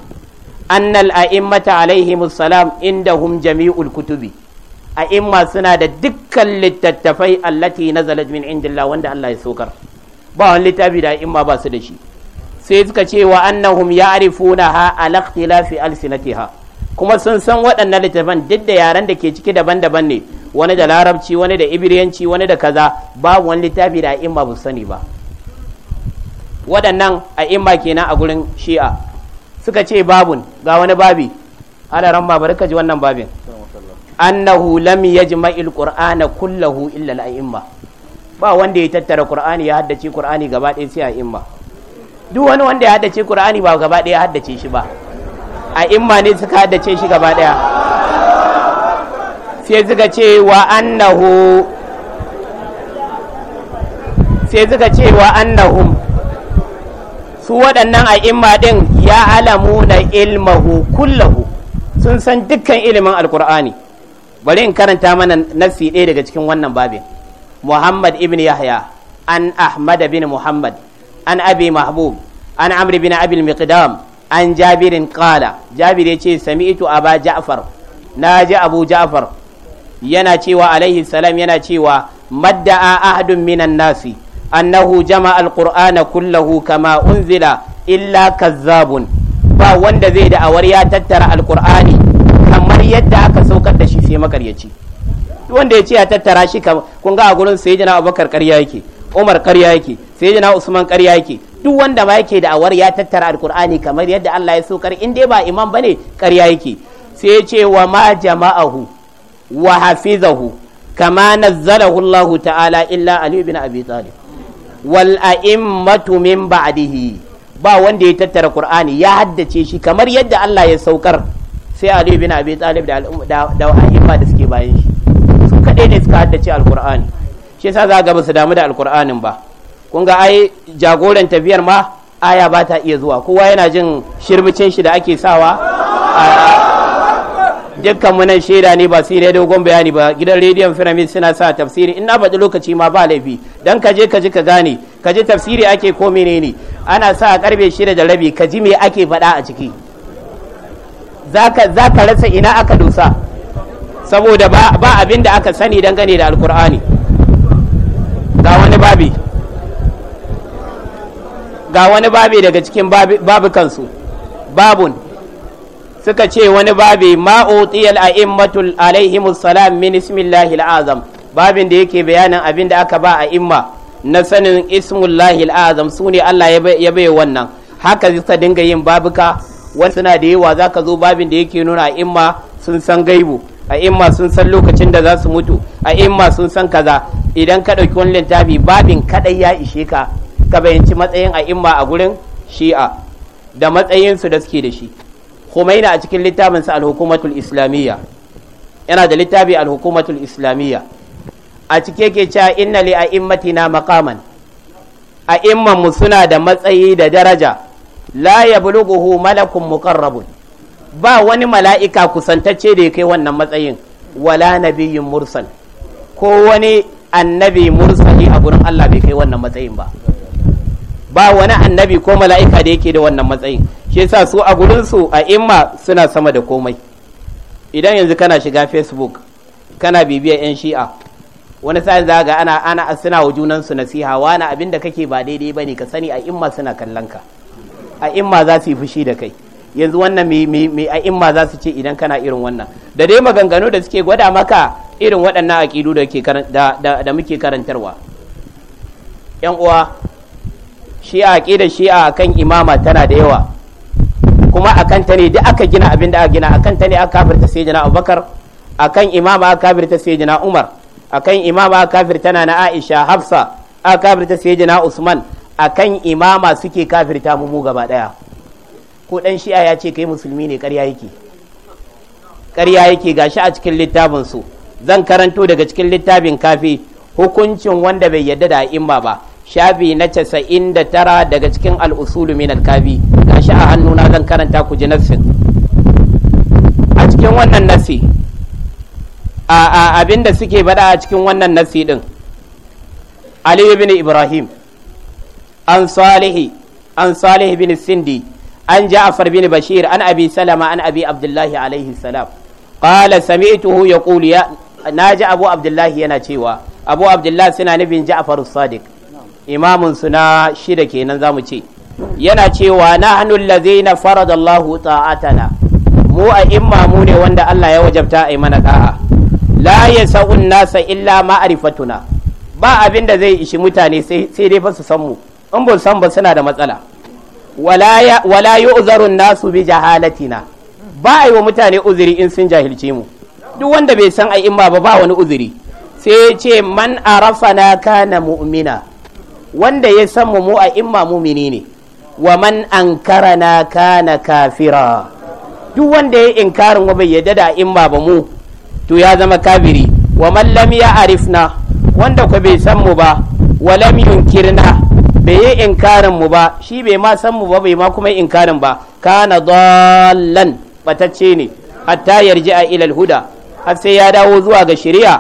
annal a'immata alaihimus salam indahum jami'ul kutubi a imma suna da dukkan littattafai allati nazalat min indillah wanda Allah ya sokar ba wani littafi da imma ba su da shi sai suka ce wa annahum ya'rifunaha ala ikhtilafi alsinatiha kuma sun san waɗannan littafan duk da yaran da ke ciki daban-daban ne wani da larabci wani da ibiriyanci wani da kaza babu wani littafi da imma ba sani ba waɗannan imma kenan a gurin shi'a suka ce babun ga wani babi ala ramma bari ji wannan babin annahu lam yajma'il qur'ana kullahu illa al-a'imma ba wanda ya tattara qur'ani ya haddace qur'ani gaba ɗaya sai a'imma duk wani wanda ya haddace qur'ani ba gaba ɗaya ya haddace shi ba a'imma ne suka haddace shi gaba ɗaya sai suka ce wa annahu sai suka ce wa annahum su waɗannan a'imma din ya alamu na ilmahu kullahu sun san dukkan ilimin alkur'ani bari in karanta mana nafsi ɗaya daga cikin wannan babin muhammad ibn yahya an ahmad bin muhammad an abi mahbub an amr bin abil miqdam an jabirin qala jabir yace sami'tu aba ja'far naji abu ja'far yana cewa alaihi salam yana cewa madda'a ahadun minan nasi annahu jama'a alqur'ana kullahu kama unzila illa kazzabun ba wanda zai da awar ya tattara alqur'ani yadda aka saukar da shi sai makaryaci wanda ya ce ya tattara shi ka kun ga a gurin jana Abubakar ƙarya yake Umar ƙarya yake jana Usman ƙarya yake duk wanda ma yake da awar ya tattara alkur'ani kamar yadda Allah ya saukar in dai ba imam ne karya yake sai ya ce wa ma jama'ahu wa hafizahu kama nazzalahu Allah ta'ala illa Ali ibn Abi Talib wal a'immatu min ba'dihi ba wanda ya tattara Qur'ani ya haddace shi kamar yadda Allah ya saukar sai ali bin abi talib da da haifa da suke bayan shi su kadai ne suka haddace alqur'ani shi yasa za ga ba su damu da alqur'anin ba kun ga ai jagoran tafiyar ma aya ba ta iya zuwa kowa yana jin shirbicin shi da ake sawa dukkan nan shaida ne ba sai dai dogon bayani ba gidan rediyon firamid suna sa tafsiri in na faɗi lokaci ma ba laifi dan ka je ka ji ka gane ka ji tafsiri ake ko menene ana sa a karbe shida da rabi ka ji me ake faɗa a ciki za ka rasa ina aka dosa saboda ba abin da aka sani dangane da alkur'ani ga wani babi ga wani babi daga cikin babukansu babun suka ce wani babi ma'utiyal a'immatul alaihimus salam min ismillahi azam babin da yake bayanin abin da aka ba a imma na sanin ismullahi azam su ne Allah ya bai wannan haka zai dinga yin babuka wani suna da yawa za ka zo babin da yake nuna a imma sun san gaibu a imma sun san lokacin da za su mutu a imma sun san kaza idan ka ɗauki wani littafi babin kaɗai ya ishe ka ka bayanci matsayin a imma a gurin shi'a da matsayinsu da suke da shi Khomeini a cikin littafinsa al islamiyya yana da littafi alhukumatul islamiyya a cike ke cewa inna li a'immatina maqaman a'imman mu suna da matsayi da daraja la yablughuhu malakun muqarrabun ba wani mala'ika kusantacce da ya kai wannan matsayin wala nabiyyun mursal ko wani annabi mursali a gurin Allah bai kai wannan matsayin ba ba wani annabi ko mala'ika da yake da wannan matsayin shi yasa su a gurin su a imma suna sama da komai idan yanzu kana shiga facebook kana bibiyar yan shi'a wani sa'in za ga ana ana suna wa junansu nasiha wani abin da kake ba daidai ba ne ka sani a imma suna kallon ka a imma za su yi fushi da kai yanzu wannan mai a imma za su ce idan kana irin wannan da dai maganganu da suke gwada maka irin waɗannan aƙidu da muke karantarwa yan uwa shi'a aƙida shi'a akan imama tana da yawa kuma akan ta ne duk aka gina abin da aka gina akan ta ne aka kafirta sayyidina Abubakar akan imama aka kafirta sayyidina Umar akan imama aka kafirta na Aisha Hafsa aka kafirta sayyidina Usman a akan imama suke kafirta mu mu gaba ɗaya ko ɗan shi'a ya ce kai musulmi ne ƙarya yake ƙarya yake shi a cikin littafin su zan karanto daga cikin littafin kafi hukuncin wanda bai yadda da imma ba shafi na casa'in da tara daga cikin al'usulu min al-kafi shi a hannuna zan karanta ku ji nassin a cikin wannan nasi a abin suke bada a cikin wannan nasi din aliyu bin ibrahim an salihi an bin sindi an ja'afar bini bashir an abi salama an abi abdullahi alaihi salam qala sami'tuhu yaqulu ya naji abu abdullahi yana cewa abu abdullahi suna nufin ja'far sadiq imamun su na shida kenan zamu ce yana cewa nahnu allazina farada Allahu ta'atana mu a imma mu ne wanda Allah ya wajabta a mana da'a la yasa'un nasa illa ma'rifatuna ba abin da zai ishi mutane sai dai fa su san mu in ba san ba suna da matsala wala yu'zarun nasu bi jahalatina ba a yi wa mutane uzuri in sun jahilce mu duk wanda bai san ai imma ba ba wani uzuri sai ce man arafana kana mu'mina wanda ya san mu a imma mumini ne wa man ankara na kana kafira duk wanda ya inkarin wa bai yadda da imma ba mu to ya zama kafiri wa man lam ya arifna wanda ku bai san mu ba wa lam yunkirna bai yi inkarin mu ba shi bai ma san mu ba bai ma kuma inkarin ba kana dallan batacce ne hatta yarji a ilal huda har sai ya dawo zuwa ga shari'a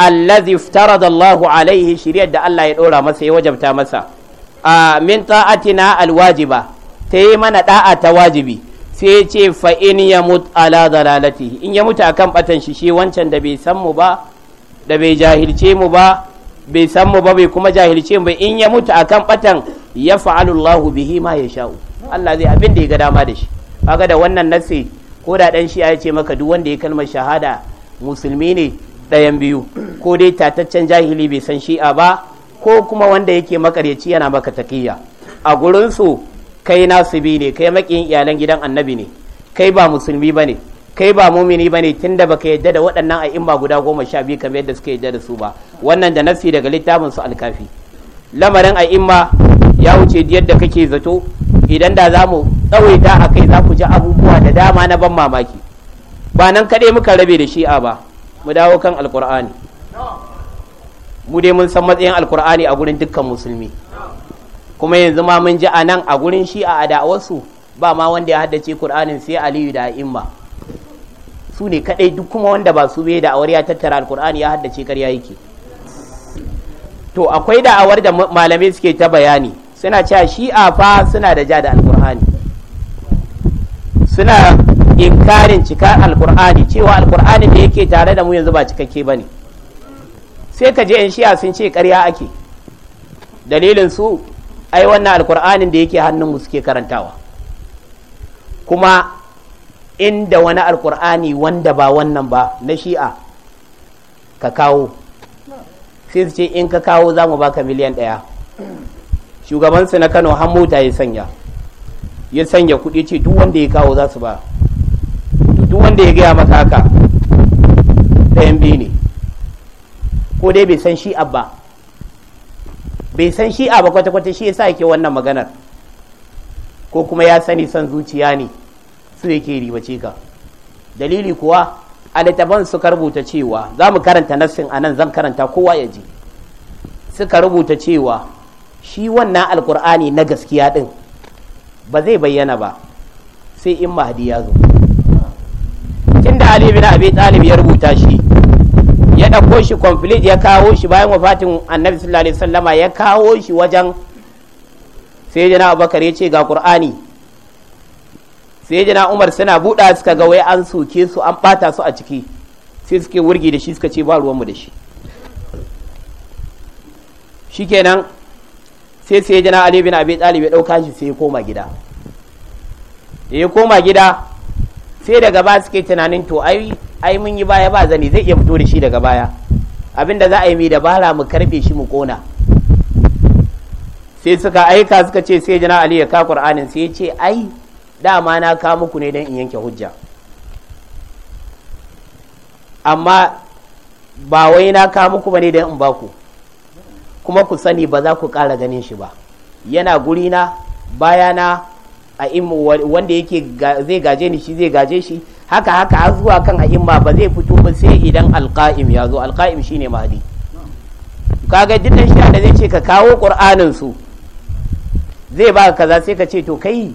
allazi iftarada Allahu alaihi shari'ar da Allah ya dora masa ya wajabta masa a min ta'atina alwajiba ta yi mana da'a ta wajibi sai ce fa in ya mut ala dalalatihi in ya mutu akan batan shi shi wancan da bai san mu ba da bai jahilce mu ba bai san mu ba bai kuma jahilce mu in ya mutu akan batan ya fa'alu Allahu bihi ma sha'u Allah zai abin da ya ga dama da shi kaga da wannan nasi ko da dan shi ya ce maka duk wanda ya kalmar shahada musulmi ne dayan biyu ko dai tataccen jahili bai san shi'a ba ko kuma wanda yake makaryaci yana maka takiyya a gurinsu kai nasibi ne kai makiyin iyalan gidan annabi ne kai ba musulmi ba ne kai ba mumini ba ne tun tunda baka yadda da waɗannan ba guda goma sha biyu kamar yadda suka yadda da su ba wannan da nafsi daga littafin su alkafi lamarin al'imma ya wuce yadda kake zato idan da za mu tsawaita a kai za ku ji abubuwa da dama na ban mamaki ba nan kaɗai muka rabe da shi'a ba mu dawo kan alkur'ani mu dai mun san matsayin alkur'ani a gurin dukkan musulmi kuma yanzu ma mun ji a nan a gurin shi'a a da'awarsu ba ma wanda ya haddace kur'anin sai aliyu da a'imma su ne kadai duk kuma wanda ba su bai da awar ya tattara alkur'ani ya haddace karya yake to akwai da awar da malamai suke ta bayani suna cewa shi'a fa suna da ja da alkur'ani suna inkarin cika alkur'ani cewa alkur'ani da yake tare da mu yanzu ba cikakke ba ne. sai ka je yan shi'a sun ce karya ake dalilin su ai wannan alkur'anin da yake hannun mu suke karantawa kuma inda wani alkur'ani wanda ba wannan ba na shi'a ka kawo sai su ce in ka kawo za mu baka miliyan ɗaya shugabansu na kano har mota ya sanya ya sanya kuɗi ce duk wanda ya kawo za su ba duk wanda ya gaya maka haka ɗayan biyu ne ko dai bai san shi'a ba bai san shi'a ba kwata-kwata shi ya sa yake wannan maganar ko kuma ya sani son zuciya ne su yake ribace ka dalili kuwa a littafan suka rubuta cewa za mu karanta nassin a nan zan karanta kowa ya ji suka rubuta cewa shi wannan alkur'ani na gaskiya din ba zai bayyana ba sai in mahadi ya zo da ali na abi talib ya rubuta shi ya ɗauko shi complete ya kawo shi bayan wafatin annabi sallallahu alaihi wasallama ya kawo shi wajen sai jana abubakar ya ce ga qur'ani sai jina umar suna buɗa suka ga wai an soke su an ɓata su a ciki sai suke wurgi da shi suka ce ba ruwanmu da shi shikenan sai sai jina ali bin abi ɗauka shi sai ya koma gida da ya koma gida sai daga ba suke tunanin to ai ai mun yi baya ba zani zai iya fito da shi daga baya abin da za a yi mai dabara mu karfe shi mu kona sai suka aika suka ce sai jina ali ka qur'anin sai ya ce ai dama na ka muku ne don in yanke hujja amma ba wai na ka muku ba ne don in ku kuma ku sani ba za ku kara ganin shi ba yana gurina bayana a wanda yake zai gaje ni shi zai gaje shi haka haka har zuwa kan a'imma ba zai fito ba sai idan alƙa'im ya zo alƙa'im shine mahadi kaga dukkan shi da zai ce ka kawo ƙur'anin zai ba kaza sai ka ce to kai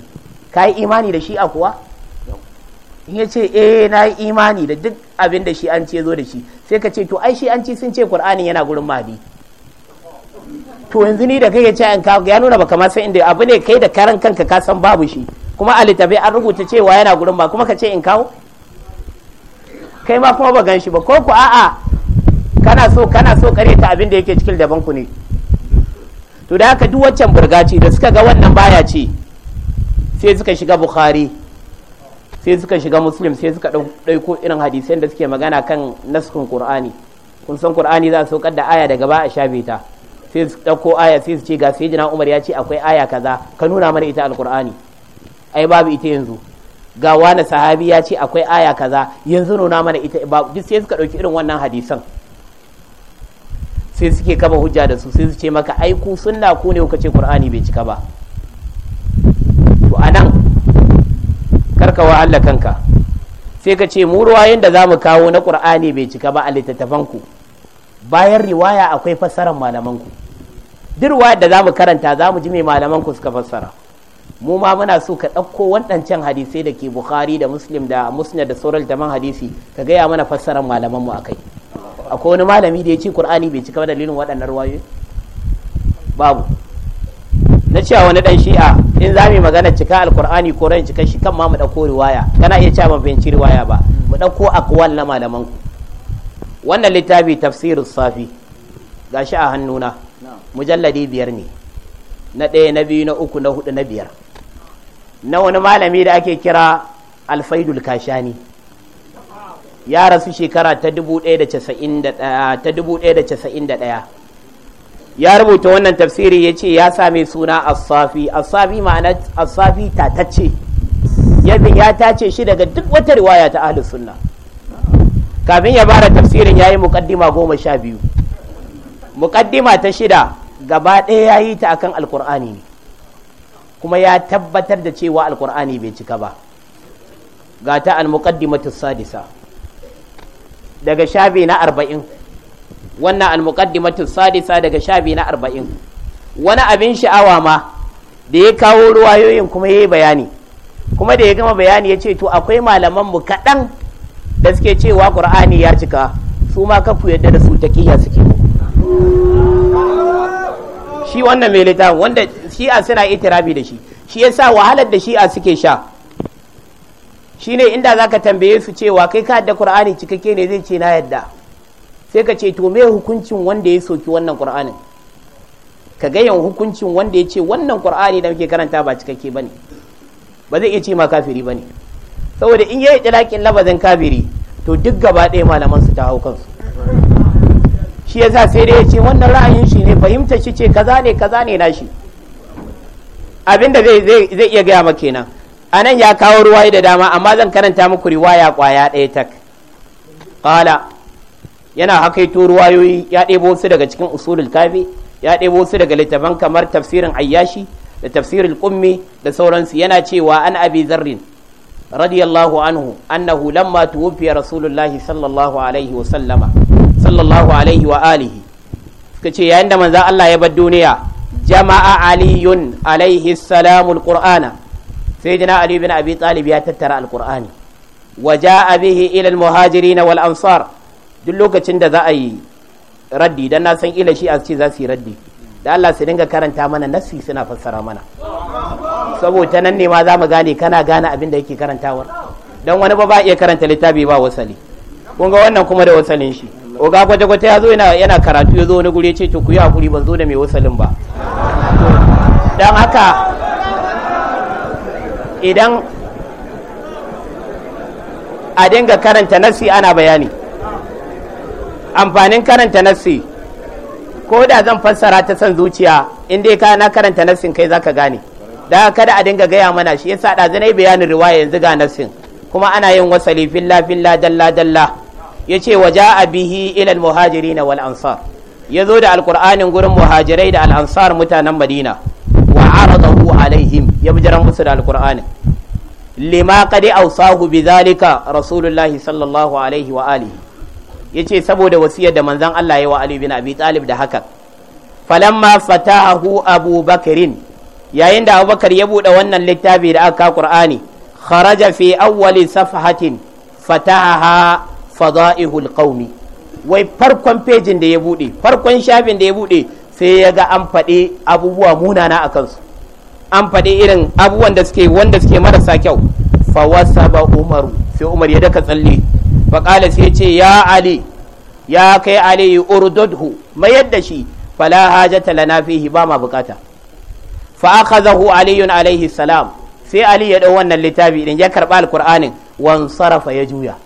ka yi imani da shi a kuwa in ya ce eh na yi imani da duk abin da shi an ce zo da shi sai ka ce to ai shi an ci sun ce qur'ani yana gurin mahadi to yanzu ni da kai ya ce an kawo ya nuna baka ma san inda abu ne kai da karan kanka ka san babu shi kuma a littafi an rubuta cewa yana gurin ba kuma ka ce in kawo kai ma kuma ba gan shi ba ko ku a'a kana so kana so karyata abin da yake cikin daban ku ne to da haka duk waccan burgaci da suka ga wannan baya ce sai suka shiga bukhari sai suka shiga muslim sai suka ɗauko irin hadisai da suke magana kan naskun qur'ani kun san qur'ani za su da aya daga ba a shafe ta sai su ɗauko aya sai su ce ga jina umar ya ce akwai aya kaza ka nuna mana ita alqur'ani ai babu ita yanzu ga wani sahabi ya ce akwai aya kaza yanzu nuna mana ita babu duk sai suka ɗauki irin wannan hadisan sai suke kama hujja da su sai su ce maka ai ku sunna ku ne kuka ce qur'ani bai cika ba to a nan karka Allah kanka sai ka ce mu ruwayen da za mu kawo na ƙur'ani bai cika ba a littattafanku bayan riwaya akwai fassarar malamanku duk ruwayar da za mu karanta za mu ji mai malamanku suka fassara mu ma muna so ka ɗauko waɗancan hadisai da ke bukhari da muslim da musnad da sauran taman hadisi ka gaya mana fassarar malamanmu a kai akwai wani malami da ya ce ƙur'ani bai cika ba dalilin waɗannan ruwayoyi babu cewa wani dan shi'a in za mu magana cika alkur'ani ko ran cika shi kan ma mu dauko riwaya kana iya cewa ban fahimci riwaya ba mu dauko akwal na malaman ku wannan littafi tafsirus safi gashi a hannuna mujalladi biyar ne na ɗaya na biyu na uku na hudu na biyar na wani malami da ake kira alfaidul kashani ya rasu shekara ta 1991 ya rubuta wannan tafsiri ya ce ya same suna asafi asafi ma'ana asafi tatacce yadda ya tace shi daga duk wata riwaya ta ahli sunna kafin ya bara tafsirin ya yi muƙaddima goma sha biyu muƙaddima ta shida gaba ɗaya ya yi ta akan alkur'ani ne kuma ya tabbatar da cewa alkur'ani bai cika ba ga ta al-muqaddimatu sadisa daga shafi na arba'in wannan almuqaddimatu sadisa daga shabi na arba'in wani abin sha'awa ma da ya kawo ruwayoyin kuma ya yi bayani kuma da ya gama bayani ya ce to akwai malaman mu kaɗan da suke cewa ƙur'ani ya cika su ma ka ku yadda da su taƙiyya suke shi wannan mai littafin wanda shi'a suna itirafi da shi shi ya sa wahalar da shi'a suke sha shine inda zaka tambaye su cewa kai ka yadda ƙur'ani cikakke ne zai ce na yadda sai ka ce to me hukuncin wanda ya soki wannan qur'anin ka ga yan hukuncin wanda ya ce wannan qur'ani da muke karanta ba cikakke bane ba zai iya ce ma kafiri bane saboda in yayi tilakin labazin kafiri to duk gaba ɗaya malaman su ta hau kansu shi yasa sai dai ya ce wannan ra'ayin shi ne fahimtar shi ce kaza ne kaza ne nashi abinda zai zai iya gaya maka kenan anan ya kawo ruwaye da dama amma zan karanta muku riwaya kwaya ɗaya tak qala yana hakaito ruwayoyi ya ɗebo su daga cikin usulul kafi ya ɗebo su daga littafan kamar tafsirin ayyashi da tafsirin kummi da sauransu yana cewa an abi zarrin radiyallahu anhu annahu lamma tuwfiya rasulullahi sallallahu alaihi wa sallama sallallahu alaihi wa alihi suka ce yayin da manzo Allah ya bar duniya jama'a aliyun alaihi salamul qur'ana sayyidina ali bin abi talib ya tattara alqur'ani wa jaa bihi ila almuhajirin wal ansar duk lokacin da za a yi raddi dan na san ila shi a ce za su yi raddi da Allah su dinga karanta mana nassi suna fassara mana saboda nan ne ma za mu gane kana gane abin da yake karantawar dan wani ba ba iya karanta littafi ba wasali kun ga wannan kuma da wasalin shi oga gwaje gwaje ya zo yana karatu ya zo wani guri ya ce to ku yi hakuri ban zo da mai wasalin ba dan haka idan a dinga karanta nassi ana bayani amfanin karanta nassi ko da zan fassara ta son zuciya in dai ka na karanta nassin kai zaka gane da kada a dinga gaya mana shi yasa da zanai bayanin riwaya yanzu ga nassin kuma ana yin wasali filla filla dalla dalla yace a bihi ila al-muhajirin wal ansar yazo da alqur'anin gurin muhajirai da al-ansar mutanen madina wa aradahu alaihim ya bijiran musu da alqur'anin lima qad awsahu bi zalika rasulullahi sallallahu alaihi wa alihi ya ce saboda wasiyar da manzon Allah ya wa Ali bin Abi Talib da haka falamma fatahu Abu Bakrin yayin da Abubakar ya bude wannan littafi da aka Qur'ani kharaja fi awwali safhatin fataha fada'ihul qaumi wai farkon pejin da ya bude farkon shafin da ya bude sai ya ga an faɗi abubuwa munana a kansu an faɗi irin abubuwan da suke wanda suke marasa kyau fawasaba umaru sai umar ya daka tsalle faƙala sai ce ya ali ya kai ali urdudhu mayar da shi fala hajata lana fihi ba ma bukata fa akhadahu aliyun alaihi salam sai ali ya dau wannan littafi din ya karba alqur'anin wan sarafa ya juya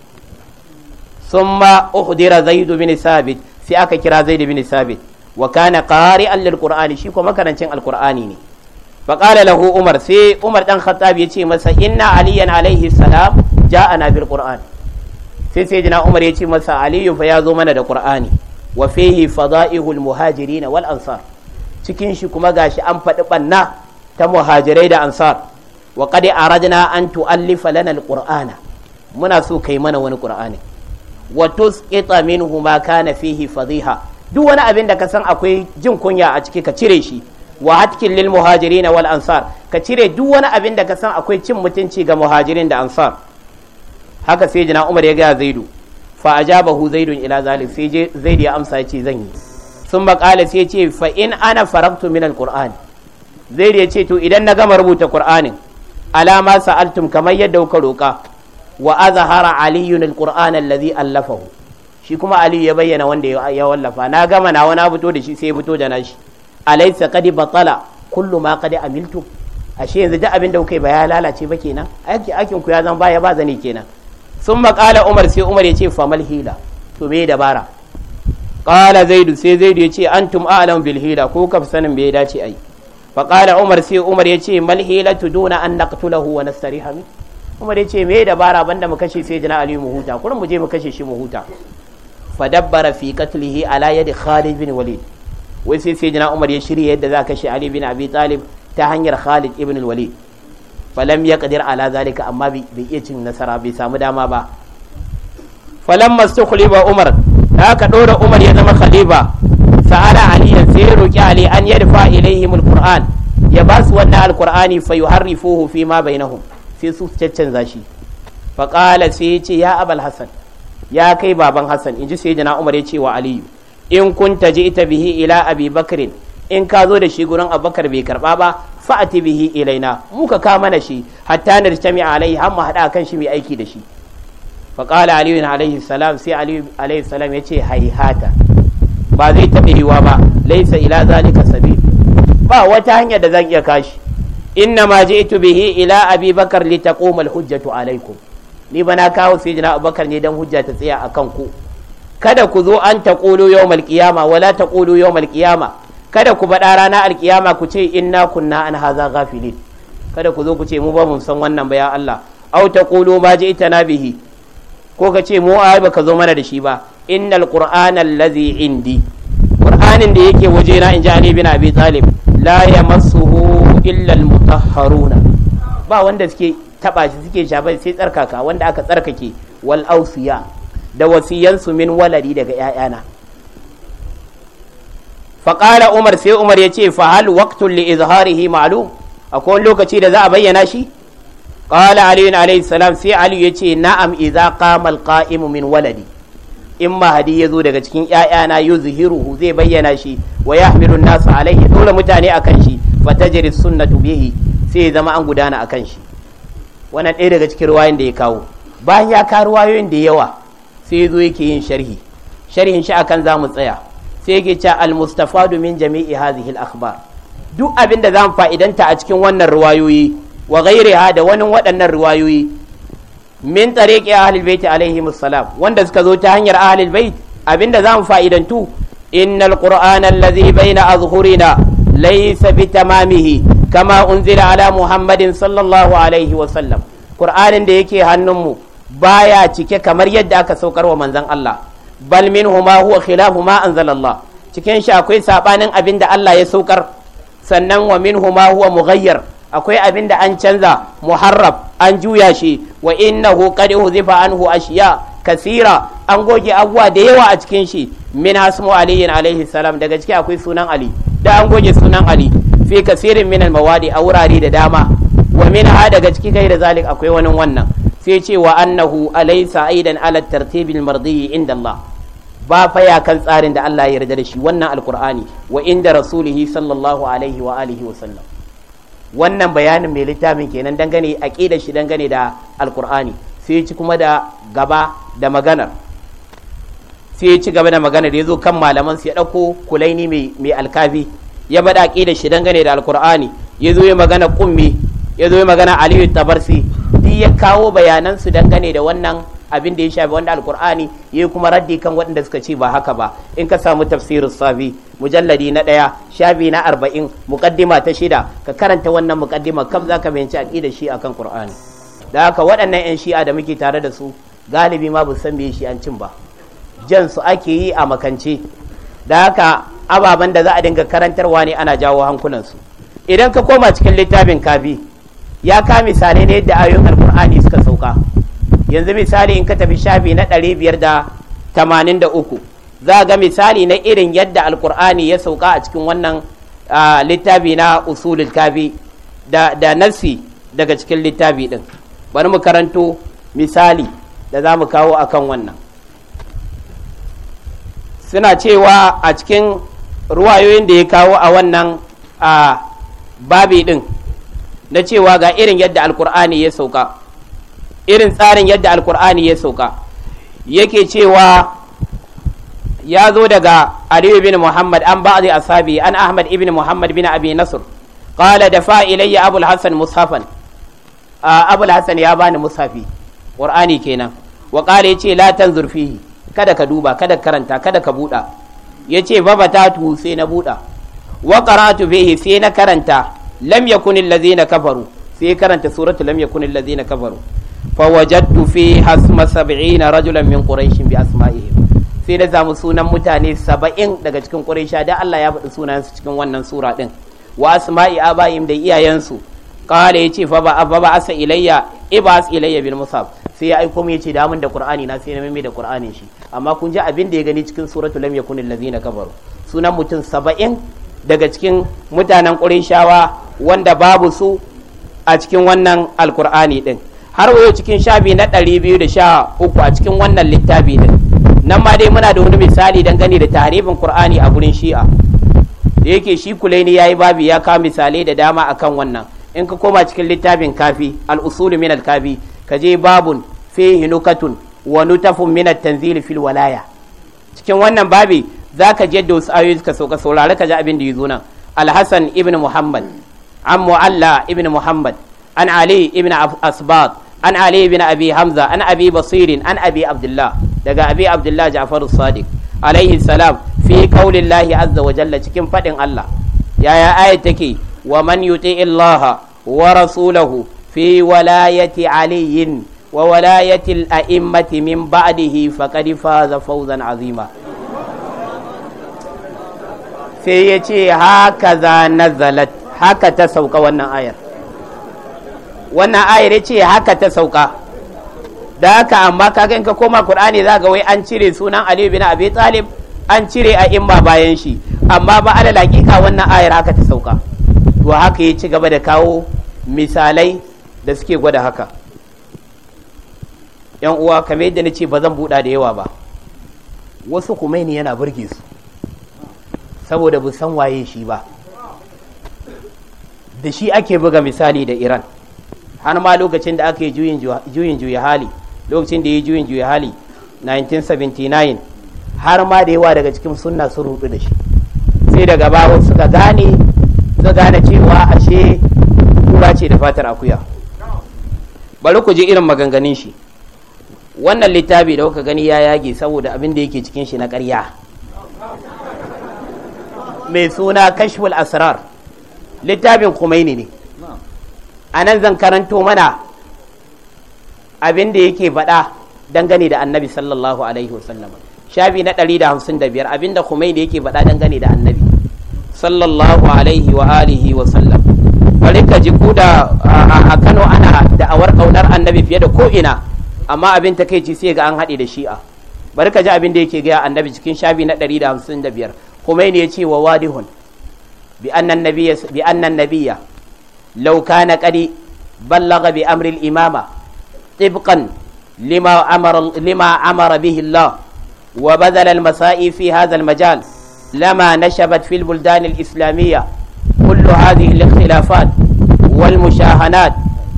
summa uhdira zaid bin sabit sai aka kira zaid bin sabit wa kana qari'an lilqur'ani shi ko makarancin alqur'ani ne fa lahu umar sai umar dan khattab ya ce masa inna aliyan alaihi salam ja'ana bil qur'an sai sai jina umar ya ce masa aliyu fa ya zo mana da qur'ani wa fihi fada'ihul muhajirin wal ansar cikin shi kuma gashi an faɗi banna ta muhajirai da ansar wa qad arajna an tu'allifa lana alqur'ana muna so kai mana wani qur'ani wa tusqita minhu ma kana fihi fadhiha duk wani abin da ka san akwai jin kunya a ciki ka cire shi wa hatkin lil muhajirin wal ansar ka cire duk wani abin da ka san akwai cin mutunci ga muhajirin da ansar haka sai jina umar ya gaya zaidu fa a ajabahu zaidun ila zalik sai zaidu ya amsa ce zan yi sun makala sai ce fa in ana faraktu min alquran zaidu ya ce to idan na gama rubuta qur'anin alama sa'altum kamar yadda kuka roka wa azhara aliyun alquran allazi allafahu shi kuma aliyu ya bayyana wanda ya wallafa na gama na wani fito da shi sai ya fito da nashi alaysa qad batala kullu ma qad amiltu ashe yanzu duk abin da kuka yi ba ya lalace ba kenan aikin ku ya zan ya ba zane kenan sun maƙala umar sai umar ya ce famal hila to me dabara ƙala zaidu sai zaidu ya ce an tum alam bil hila ko kaf sanin bai dace ai fa ƙala umar sai umar ya ce mal hila tu duna an naqtulahu wa nastariha min umar ya ce me dabara banda mu kashe sai jina ali mu huta kurin mu je mu kashe shi mu huta fa dabbara fi qatlihi ala yadi khalid bin walid wai sai sai jina umar ya shirya yadda za kashe ali bin abi talib ta hanyar khalid ibn walid falam ya kadir ala zalika amma bai iya cin nasara bai samu dama ba falam masu khalifa umar da aka ɗora umar ya zama khalifa sa'ala aliyan sai ya roki ali an yadfa ilaihim alquran ya ba su wannan alqurani fa yuharrifuhu fi ma bainahum sai su caccanza shi fa qala sai ya ce ya abal hasan ya kai baban hasan inji jana umar ya ce wa aliyu in kunta ita bihi ila abi bakrin in ka zo da shi gurin abubakar bai karba ba fa'ati bihi ilaina muka ka mana shi hatta nartami alaihi har mu hada kan shi mai aiki da shi fa qala ali alaihi salam sai ali alaihi salam yace haihata ba zai taɓa yiwa ba laisa ila zalika sabil ba wata hanya da zan iya kashi inna ma ji'tu bihi ila abi bakar li taquma hujjatu alaikum ni bana kawo sayyidina abubakar ne dan hujja ta tsaya akan ku kada ku zo an taqulu yawmal qiyama wala taqulu yawmal qiyama kada ku baɗa rana alkiyama ku ce inna kunna an haza gafilin. kada ku zo ku ce mu ba mu san wannan ba ya Allah aw taqulu ma na bihi ko ka ce mu ai baka zo mana da shi ba innal qur'ana allazi indi qur'anin da yake waje na inji ali bin abi talib la yamassuhu illa al mutahharuna ba wanda suke taba shi suke shafa sai tsarkaka wanda aka tsarkake wal awsiya da wasiyansu min waladi daga 'ya'yana faƙala umar sai umar ya ce fa hal waqtun li izharihi ma'lum akwai wani lokaci da za a bayyana shi qala ali alayhi salam sai ali ya ce na'am idza qama al min waladi in mahadi ya zo daga cikin ‘ya'yana yuzhiruhu zai bayyana shi wa yahmilu nasu alaihi dole mutane akan shi fa tajri sunnatu bihi sai zama an gudana akan shi wannan ɗaya daga cikin ruwayoyin da ya kawo bayan ya kawo ruwayoyin da yawa sai ya zo yake yin sharhi sharhin shi akan zamu tsaya sai yake cewa al domin min jami'i hadhihi akhbar duk abin da zamu fa'idanta a cikin wannan riwayoyi wa ghairiha da wani waɗannan riwayoyi min ki ahlil bait alaihi salam wanda suka zo ta hanyar ahlil bait abinda zamu fa'idantu innal qur'ana alladhi baina azhurina laysa bitamamihi kama unzila ala muhammadin sallallahu alaihi wa sallam qur'anin da yake hannunmu baya cike kamar yadda aka saukar wa manzon Allah bal minhuma huwa khilafu ma anzalallah cikin shi akwai sabanin abin da Allah ya saukar sannan wa minhuma huwa mughayyar akwai abin da an canza muharrab an juya shi wa innahu qad huzifa anhu ashiya kasira an goge abuwa da yawa a cikin shi min hasmu aliyin alayhi salam daga ciki akwai sunan ali da an goge sunan ali fi kasirin min al mawadi a wurare da dama wa min ha daga ciki kai da zalik akwai wani wannan sai ce wa annahu alaysa aidan ala tartibil mardiyi inda Allah ba fa ya kan tsarin da Allah ya yarda da shi wannan alqur'ani wa inda rasulihi sallallahu alaihi wa alihi wa sallam wannan bayanin mai littafin kenan dangane aqida shi dangane da alqur'ani sai ci kuma da gaba da maganar sai ya ci gaba da maganar ya zo kan malaman sai ya dauko kulaini mai mai alkafi ya bada aqida shi dangane da alqur'ani ya zo ya magana qummi ya zo ya magana aliyu tabarsi ya kawo bayanan su dangane da wannan abin da ya shafi wanda alkur'ani yi kuma raddi kan waɗanda suka ce ba haka ba in ka samu tafsirin safi mujalladi na ɗaya shafi na arba'in mukaddima ta shida ka karanta wannan mukaddima kam za ka fahimci aƙidar shi kan ƙur'ani da haka waɗannan 'yan shi'a da muke tare da su galibi ma ba san me shi'ancin ba jan su ake yi a makance da haka ababen da za a dinga karantarwa ne ana jawo hankulansu idan ka koma cikin littafin kafi ya ka misali ne da ayoyin alkur'ani suka sauka yanzu misali in ka tafi shafi na ɗari biyar da tamanin da uku za ga misali na irin yadda alkur'ani ya sauka a cikin wannan littafi na usulul kafi da, nasi daga cikin littafi ɗin bari mu karanto misali da za mu kawo kan wannan suna cewa a cikin ruwayoyin da ya kawo a wannan babi ɗin na cewa ga irin yadda alkur'ani ya sauka irin tsarin yadda alkur'ani ya sauka yake cewa ya zo daga aliyu bin muhammad an ba'd ashabi an ahmad ibn muhammad bin abi nasr qala dafa ilayya abul hasan mushafan abul hasan ya bani mushafi qur'ani kenan wa qala yace la tanzur fihi kada ka duba kada ka karanta kada ka buɗa yace tu sai na buɗa wa qara'tu fihi sai na karanta lam yakun allazina kafaru sai karanta suratu lam yakun allazina kafaru fawajadtu fi hasma sab'ina rajulan min quraishin bi sai na zamu sunan mutane saba'in daga cikin quraisha da Allah ya faɗi sunansu cikin wannan sura din wa asma'i abaim da iyayensu qala yace fa ba ba asa ilayya ibas ilayya bil musab sai ya aiko mu yace da mun da qur'ani na sai na mai da qur'anin shi amma kun ji abin da ya gani cikin suratu lam yakun allazina kafaru sunan mutum saba'in daga cikin mutanen ƙurishawa wanda babu su a cikin wannan alkur'ani ɗin har wayo cikin biyu na ɗari biyu da sha uku a cikin wannan littafi ɗin nan ma dai muna da wani misali gani da tarihin ƙur'ani a gurin shi'a da yake shi kulaini ya yi babi ya kawo misalai da dama a kan wannan in ka koma cikin littafin kafi al'usulu min al-kafi ka je babun fihi nukatun wa nutafun min at-tanzil fil walaya cikin wannan babi za ka je yadda wasu ayoyi suka sauka saurari ka ji abin da ya zo nan alhassan ibn muhammad an mu'alla ibn muhammad an ali ibn asbat an ali ibn abi hamza an abi basirin an abi abdullah daga abi abdullah ja'far sadiq alaihi salam fi qaulin lahi azza wa jalla cikin fadin allah yaya aya take wa man yuti illaha wa rasulahu fi walayati aliyin wa walayati al-a'immati min ba'dihi faqad faza fawzan azima sai ya ce haka za nazalat haka ta sauka wannan ayar wannan ayar ya ce haka ta sauka da haka amma kaga in ka koma qur'ani za ga wai an cire sunan ali bin abi talib an cire a imma bayan shi amma ba alal hakika wannan ayar haka ta sauka to haka ya ci gaba da kawo misalai da suke gwada haka yan uwa kamar yadda na ce ba zan buɗa da yawa ba wasu kuma yana burge su saboda bu san waye shi ba da shi ake buga misali da iran har ma lokacin da aka yi juyin juya hali lokacin da ya yi juyin juya hali 1979 har ma da yawa daga cikin sunna sun rudu da shi sai daga bawo suka gane suka gane cewa ashe kura ce da fatar akuya bari ku ji irin maganganun shi wannan littafi da kuka gani ya yage saboda abin da yake cikin shi na ƙarya mai suna kashful asrar littafin kumaini ne a nan zan karanto mana abin da yake faɗa dangane da annabi sallallahu alaihi wasallam shafi na 155 abin da kumaini yake faɗa dangane da annabi sallallahu alaihi wa alihi wa sallam bari ka ji da a kano ana da'awar ƙaunar annabi fiye da ko'ina amma abin takaici sai ga an haɗe da shi'a bari ka ji abin da yake gaya annabi cikin shafi na 155 Khomeini ya ce wa wadihun bi annan nabiya lauka na ƙari ballaga bi amril imama tibkan lima amara bihi Allah wa bazala masai fi hadha majal lama nashabat fil buldan islamiyya kullu hadhihi al wal mushahanat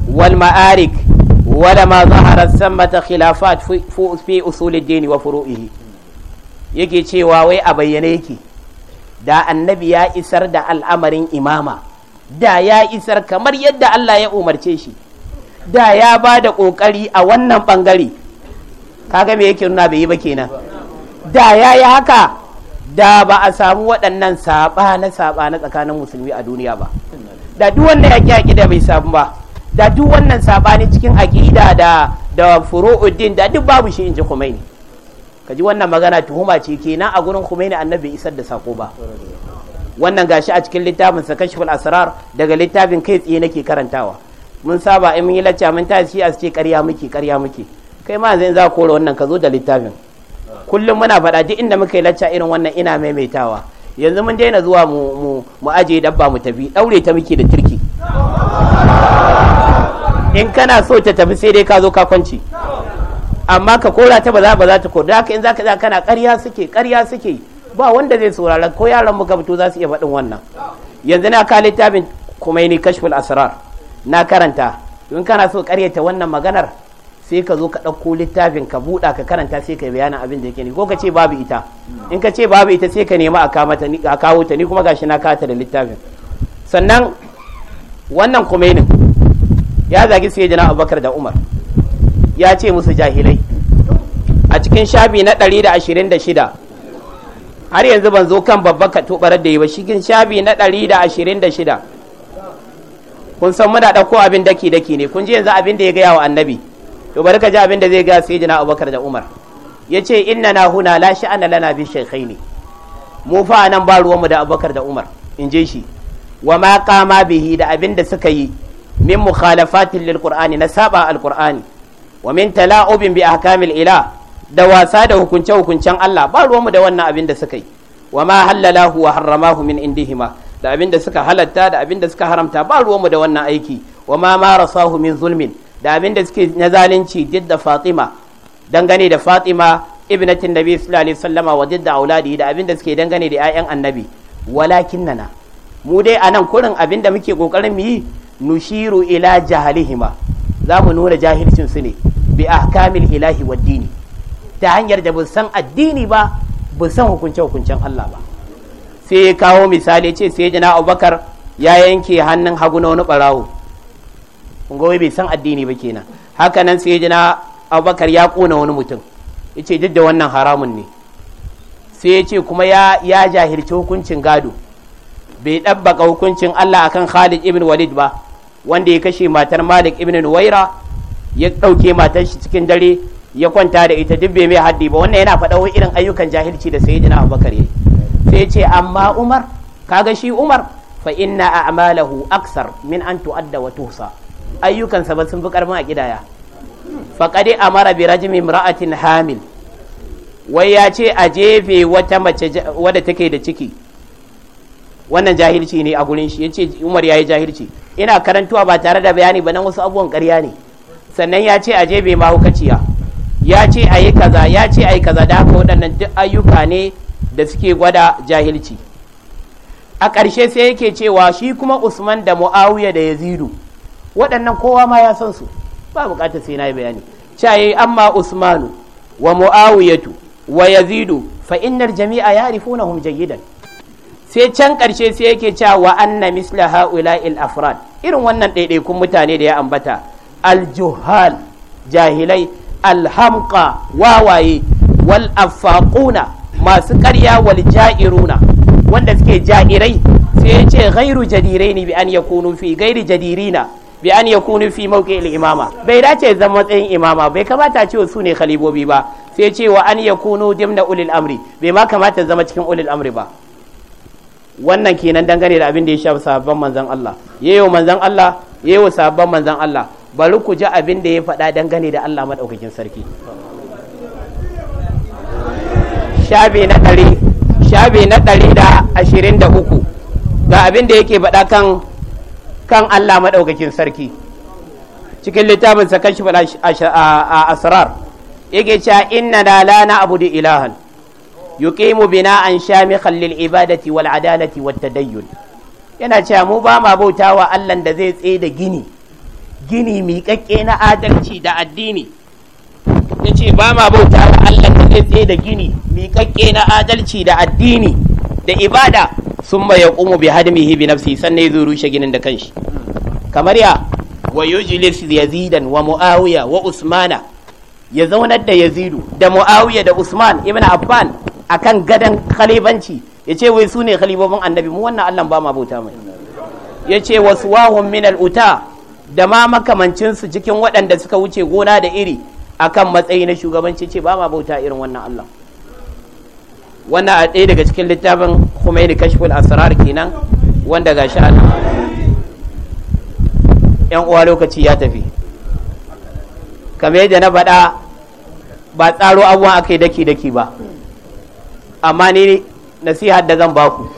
wal ma'arik wala ma zahara thamma khilafat fi usul ad-din wa furu'ihi yake cewa wai a bayyane yake da annabi ya isar da al'amarin imama da ya isar kamar yadda Allah ya umarce shi da ya ba da ƙoƙari a wannan ɓangare kaga me yake nuna bai yi ba kenan da ya yi haka da ba a samu waɗannan saɓa na saɓa na tsakanin musulmi a duniya ba da duk wanda ya ƙi da bai samu ba da duk wannan ne cikin aƙida da da furu'uddin da duk babu shi in ji ne. Ka ji wannan magana tuhuma ce kenan a gurin Khomeini annabi isar da sako ba wannan gashi a cikin littafin sa kashful asrar daga littafin kai tsaye nake karantawa mun saba in mun yi lacca mun shi a ce ƙarya muke ƙarya muke kai ma yanzu za kore wannan ka zo da littafin kullum muna faɗa duk inda muka yi lacca irin wannan ina maimaitawa yanzu mun daina zuwa mu mu mu aje dabba mu tafi daure ta muke da turki in kana so ta tafi sai dai ka zo ka kwanci amma ka kora ta ba za ba za ta kora haka in za ka kana karya suke karya suke ba wanda zai saurara ko yaran mu gabato za su iya faɗin wannan yanzu na ka littafin kumaini kashful asrar na karanta in kana so karyata wannan maganar sai ka zo ka ɗauko littafin ka buɗa ka karanta sai ka bayanin abin da yake ne ko ka ce babu ita in ka ce babu ita sai ka nemi a kawo ta ni kuma gashi na kata da littafin sannan wannan kumainin ya zagi sai jana abubakar da umar ya ce musu jahilai a cikin shabi na 126 har yanzu ban zo kan babban katubarar da yi ba cikin shabi na 126 kun san muna ɗauko abin daki daki ne kun ji yanzu abin da ya gaya wa annabi to bari ka ji abin da zai ga sai jina abubakar da umar ya ce inna na huna la sha'ana lana bi shekai ne mu fa nan ba ruwanmu da abubakar da umar in je shi wa ma kama bihi da abin da suka yi min mukhalafatin lil qur'ani na saba al qur'ani wa min tala'ubin bi ahkamil ila da wasa da hukunce hukuncen Allah ba ruwanmu da wannan abin da suka yi wa ma halalahu wa harramahu min indihima da abin da suka halatta da abin da suka haramta ba ruwanmu da wannan aiki wa ma marasahu min zulmin da abin da suke na zalunci duk da Fatima dangane da Fatima ibnatin Nabi sallallahu alaihi wasallam wa didda auladi da abin da suke dangane da 'ya'yan annabi walakinnana mu dai anan kurin abin da muke kokarin mu yi nushiru ila jahalihima za mu nuna jahilcin su ne bi kamil ilahi wa dini ta hanyar da bu san addini ba bu san hukunce hukuncen Allah ba sai kawo misali ce sai jana Abubakar ya yanke hannun hagu na wani barawo ungowai bai san addini ba kenan hakanan sai jana Abubakar ya kona wani mutum ce duk da wannan haramun ne sai ya ce kuma ya ya jahilci hukuncin gado bai ɗabbaka hukuncin Allah akan Khalid ibn Walid ba wanda ya kashe matar malik ibn nuwaira ya ɗauke matar shi cikin dare ya kwanta da ita duk bai mai haddi ba wannan yana faɗa irin ayyukan jahilci da sayyidina abubakar yayi sai ce amma umar kaga shi umar fa inna a'malahu aksar min an tu'adda wa tuhsa ayyukansa ba sun fi karfin a kidaya qadi amara bi rajmi imra'atin hamil wai ya ce a jefe wata mace wadda take da ciki wannan jahilci ne a gurin shi yace Umar yayi jahilci ina karantuwa ba tare da bayani ba nan wasu abubuwan ƙarya ne sannan ya ce aje bai mahaukaciya ya ce a yi kaza ya ce a yi kaza da haka waɗannan duk ayyuka ne da suke gwada jahilci a ƙarshe sai yake cewa shi kuma usman da mu'awiya da yazidu waɗannan kowa ma ya san su ba buƙatar sai na yi bayani caye amma usmanu wa mu'awiyatu wa yazidu fa innar jami'a ya rifuna hum jayyidan sai can ƙarshe sai yake cewa wa anna misla haula il afrad irin wannan ɗaiɗaikun mutane da ya ambata Al-Juhal, jahilai alhamqa wawaye wal affaquna masu ƙarya wal ja'iruna wanda suke ja'irai sai yace ce ghairu jadiraini bi an yakunu fi ghairu jadirina bi an yakunu fi al imama bai dace zama matsayin imama bai kamata ce su ne khalibobi ba sai ce wa an yakunu dimna ulil amri bai ma kamata zama cikin ulil amri ba wannan kenan dangane da abin da ya shafi sahabban manzon Allah yayo manzon Allah yayo sahabban manzon Allah bari ku ji abin da ya faɗa dangane da Allah madaukakin sarki shabe na ɗari shabe na ɗari da ashirin da uku ga abin da yake faɗa kan kan Allah madaukakin sarki cikin littafin sa kan shi faɗa a asrar yake cewa inna la na abudu ilahan yuqimu bina'an shamikhan lil ibadati wal adalati wat tadayyun yana cewa mu ba ma bautawa Allah da zai tsaye da gini gini miƙaƙƙe na adalci da addini yace ba ma bautawa Allah da zai tsaye da gini miƙaƙƙe na adalci da addini da ibada summa yaqumu bi hadmihi bi nafsi sannan zai rushe ginin da kanshi kamar ya wa yujlis yazidan wa muawiya wa usmana ya zaunar da yazidu da muawiya da usman ibn affan akan gadan khalibanci ya ce wai su ne khalibobin annabi mu wannan allan ba ma bauta mai ya ce wasu wahun min al'uta da ma makamancinsu cikin waɗanda suka wuce gona da iri akan matsayi na shugabanci ce ba ma bauta irin wannan allan. wannan a ɗaya daga cikin littafin Khomeini Kashful Asrar kenan wanda ga sha'an yan uwa lokaci ya tafi kamar yadda na faɗa ba tsaro abuwa aka yi daki-daki ba amma ni nasihar da zan baku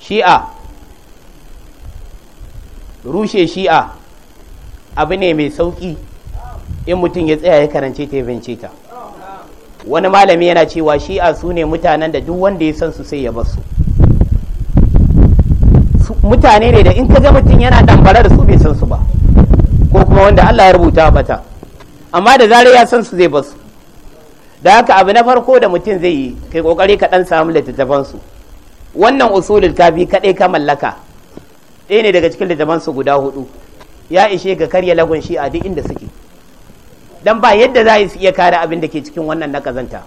shi'a rushe shi'a abu ne mai sauƙi in mutum ya tsaya ya karance ta ya ta wani malami yana cewa shi'a su ne mutanen da duk wanda ya san su sai ya bar su mutane ne da in ka ga mutum yana dambara da su bai san su ba ko kuma wanda Allah ya rubuta bata amma da zarar ya san su zai bar su da haka abu na farko da mutum zai yi kai kokari ka dan samu littattafan su wannan usulul kafi kadai ka mallaka ɗaya ne daga cikin littattafan su guda hudu ya ishe ga karya lagun shi a duk inda suke dan ba yadda za su iya kare abin da ke cikin wannan na kazanta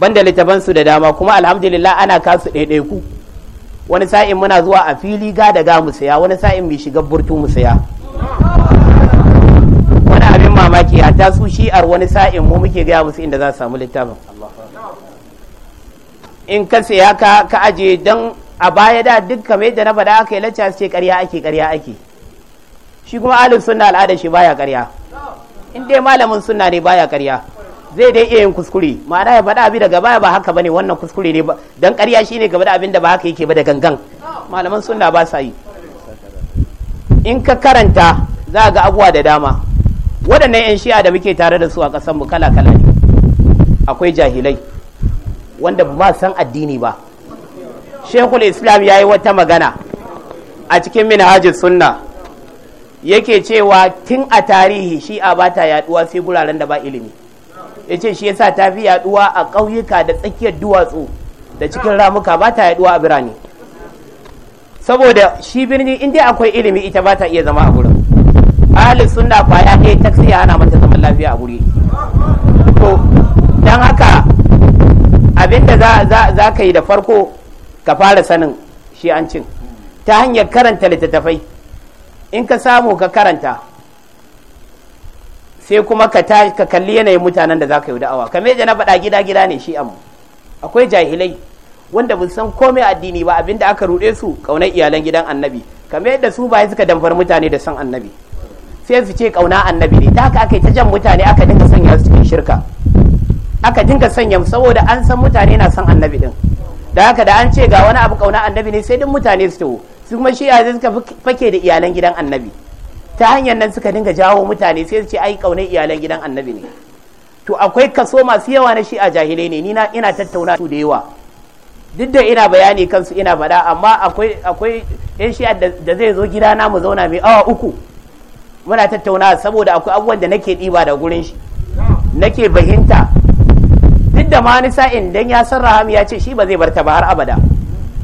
banda littattafan su da dama kuma alhamdulillah ana kasu ɗaiɗaiku wani sa'in muna zuwa a fili ga da ga mu saya wani sa'in mu shiga burtu mu saya mamaki ta su shi'ar wani sa'in mu muke gaya musu inda za su samu littafin in ka saya ka ka aje dan a baya da duk kamar yadda na faɗa aka yi lacca ce ƙarya ake ƙarya ake shi kuma alif sunna al'ada shi baya ƙarya in dai malamin sunna ne baya ƙarya zai dai iya yin kuskure ma'ana ya faɗa abin daga baya ba haka bane wannan kuskure ne dan ƙarya ne gaba da abin da ba haka yake ba da gangan malaman sunna ba sa yi in ka karanta za ga abubuwa da dama waɗannan 'yan shi'a da muke tare da su a ƙasar mu kala kala ne akwai jahilai wanda ba san addini ba shekul islam ya yi wata magana a cikin minhajin sunna yake cewa tun a tarihi shi'a ba ta yaduwa sai guraren da ba ilimi ya ce shi yasa ta fi yaduwa a ƙauyuka da tsakiyar duwatsu da cikin ramuka ba ta yaduwa a birane saboda shi birni inda akwai ilimi ita ba ta iya zama a gurin ahalin sunna kwaya ɗaya ta siya ana mata zaman lafiya a guri to don haka abinda za ka yi da farko ka fara sanin shi an cin ta hanyar karanta littattafai in ka samu ka karanta sai kuma ka ka kalli yanayin mutanen da za ka yi da'awa kamar yadda na faɗa gida gida ne shi amma akwai jahilai wanda ba san komai addini ba abinda aka ruɗe su kaunar iyalan gidan annabi kame yadda su ba suka damfar mutane da san annabi sai su ce kauna annabi ne ta haka aka yi ta jan mutane aka dinga sanya su cikin shirka aka dinga sanya saboda an san mutane na san annabi din da haka da an ce ga wani abu kauna annabi ne sai duk mutane su tawo su kuma shi yanzu suka fake da iyalan gidan annabi ta hanyar nan suka dinga jawo mutane sai su ce ai kauna iyalan gidan annabi ne to akwai kaso masu yawa na shi a jahilai ne ni na ina tattauna su da yawa duk da ina bayani kansu ina faɗa amma akwai akwai yan shi'a da zai zo gidana mu zauna mai awa uku muna tattauna saboda akwai abubuwan da nake ɗiba da gurin shi nake fahimta duk da ma sa'in dan ya san rahama ya ce shi ba zai bar ta ba har abada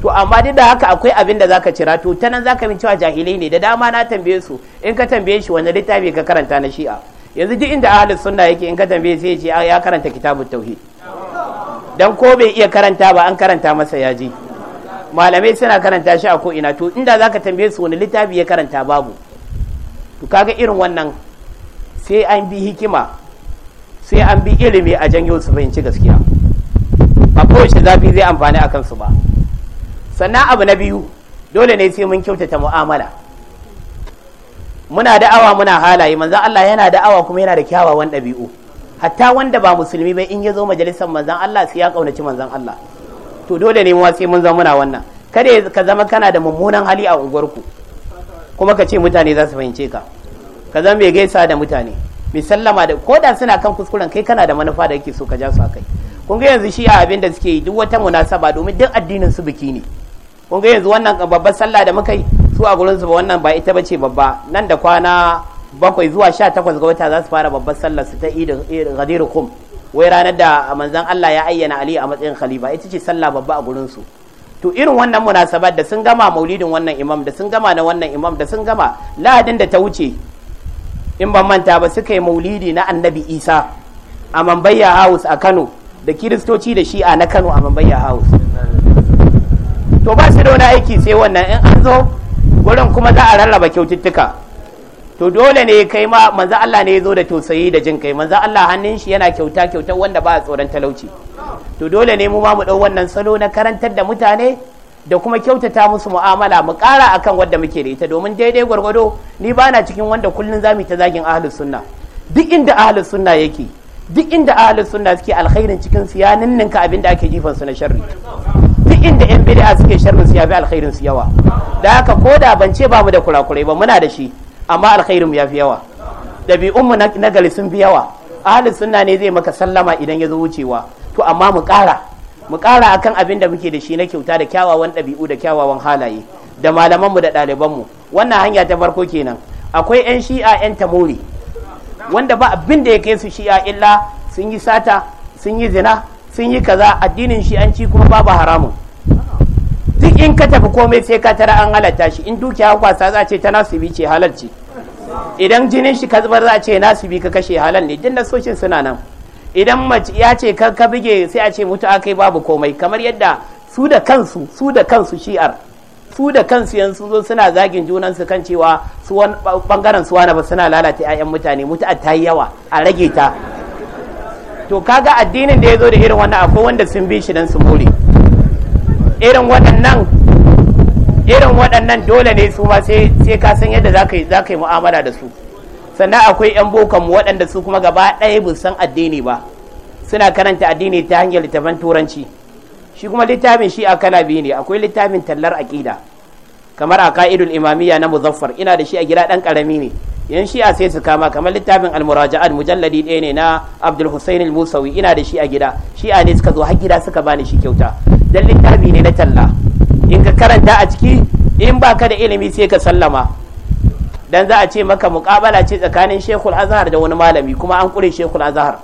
to amma duk da haka akwai abin da zaka cira to ta nan zaka min cewa jahilai ne da dama na tambaye su in ka tambaye shi wani littafi ka karanta na shi'a yanzu duk inda ahli sunna yake in ka tambaye sai ce ah, ya karanta kitabut tauhid dan ko bai iya karanta ba an karanta masa ya ji malamai suna karanta shi a ko ina to inda zaka tambaye su wani littafi ya karanta babu to kaga irin wannan sai an bi hikima sai an bi ilimi a janyo su fahimci gaskiya a kowace zafi zai amfani a kansu ba sannan abu na biyu dole ne sai mun kyautata mu'amala muna da'awa muna halaye manzan Allah yana da'awa kuma yana da kyawawan ɗabi'u hatta wanda ba musulmi bai in ya zo majalisar manzan Allah sai ya kaunaci manzan Allah to dole ne mu sai mun zama muna wannan kada ka zama kana da mummunan hali a unguwarku kuma ka ce mutane za su fahimce ka ka zama mai gaisa da mutane mai sallama da ko da suna kan kuskuren kai kana da manufa da yake so ka ja su akai kun ga yanzu shi a abin da suke yi duk wata munasaba domin duk addinin su biki ne kun ga yanzu wannan babbar sallah da muka yi su a gurin su ba wannan ba ita bace babba nan da kwana bakwai zuwa sha takwas ga wata za su fara babbar sallah su ta idin gadirukum kum wai ranar da manzon Allah ya ayyana Ali a matsayin khalifa ita ce sallah babba a gurin su to irin wannan munasabar da sun gama maulidin wannan imam da sun gama na wannan imam da sun gama lahadin da ta wuce in ban manta ba suka yi maulidi na annabi isa a mambayya house a kano da kiristoci da shi'a na kano a mambayya house to ba su da wani aiki sai wannan in an zo gurin kuma za a rarraba kyaututtuka to dole ne kai ma manzo Allah ne ya zo da tausayi da jin kai manzo Allah hannun shi yana kyauta kyautar wanda ba a tsoron talauci to dole ne mu ma mu ɗau wannan salo na karantar da mutane da kuma kyautata musu mu'amala mu ƙara akan wadda muke da ita domin daidai gwargwado ni ba na cikin wanda kullum za mu ta zagin ahlus sunna duk inda ahlus sunna yake duk inda ahlus sunna suke alkhairin cikin su ya ninninka abin da ake jifan su na sharri duk inda yan bid'a suke sharrin su ya fi alkhairin su yawa da haka ko da ban ce ba mu da kurakurai ba muna da shi amma alkhairin mu ya fi yawa mu na gari sun fi yawa ahlus sunna ne zai maka sallama idan ya zo wucewa to amma mu ƙara mu ƙara akan abin da muke da shi na kyauta da kyawawan ɗabi'u da kyawawan halaye da malamanmu da ɗalibanmu wannan hanya ta farko kenan akwai 'yan shi'a 'yan tamori wanda ba abin da ya kai su shi'a illa sun yi sata sun yi zina sun yi kaza addinin shi'anci kuma babu haramun duk in ka tafi komai sai ka tara an halatta shi in dukiya kwasa za ce ta nasibi ce halal ce idan jinin shi ka zubar za ce nasibi ka kashe halal ne duk nasoshin suna nan idan mace ya ce kan ka bige sai a ce mutu akai babu komai kamar yadda su da kansu su da kansu shi'ar su da kansu yan zo suna zagin junan su kan cewa su bangaren su wani ba suna lalata 'ya'yan mutane a ta yawa a rage ta to kaga addinin da ya zo da irin wannan akwai wanda sun bi shi dan su more irin waɗannan irin waɗannan dole ne su ma sai ka san yadda za ka yi mu'amala da su sannan akwai 'yan bokan mu waɗanda su kuma gaba ɗaya ba san addini ba suna karanta addini ta hanyar littafin turanci shi kuma littafin shi a kana biyu ne akwai littafin tallar aƙida kamar a ka'idul imamiyya na muzaffar ina da shi a gida ɗan ƙarami ne yan shi a sai su kama kamar littafin almuraja'at mujalladi ɗaya ne na abdul husain musawi ina da shi a gida shi a ne suka zo har gida suka bani shi kyauta dan littafi ne na talla in ka karanta a ciki in baka da ilimi sai ka sallama dan za a ce maka mukabala ce tsakanin shekul azhar da wani malami kuma an kure shekul azhar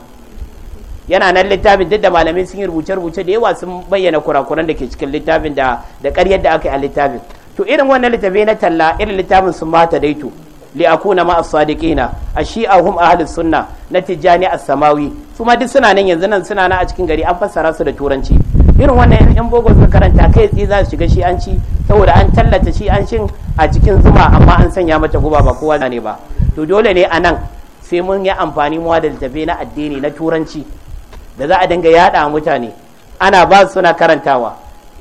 yana nan littafin duk da malamai sun yi rubuce-rubuce da yawa sun bayyana kurakuran da ke cikin littafin da da ƙaryar da aka yi a littafin to irin wannan littafi na talla irin littafin sun mata daito li akuna ma as-sadiqina ash-shi'ahum ahlus sunna na tijani as-samawi kuma duk suna nan yanzu nan suna nan a cikin gari an fassara su da turanci irin wannan yan bogo suka karanta kai tsaye za su shiga shi an ci saboda an tallata shi an shin a cikin zuma amma an sanya mata guba ba kowa ne ba to dole ne a nan sai mun yi amfani muwa da littafi na addini na turanci da za a dinga yada mutane ana ba su suna karantawa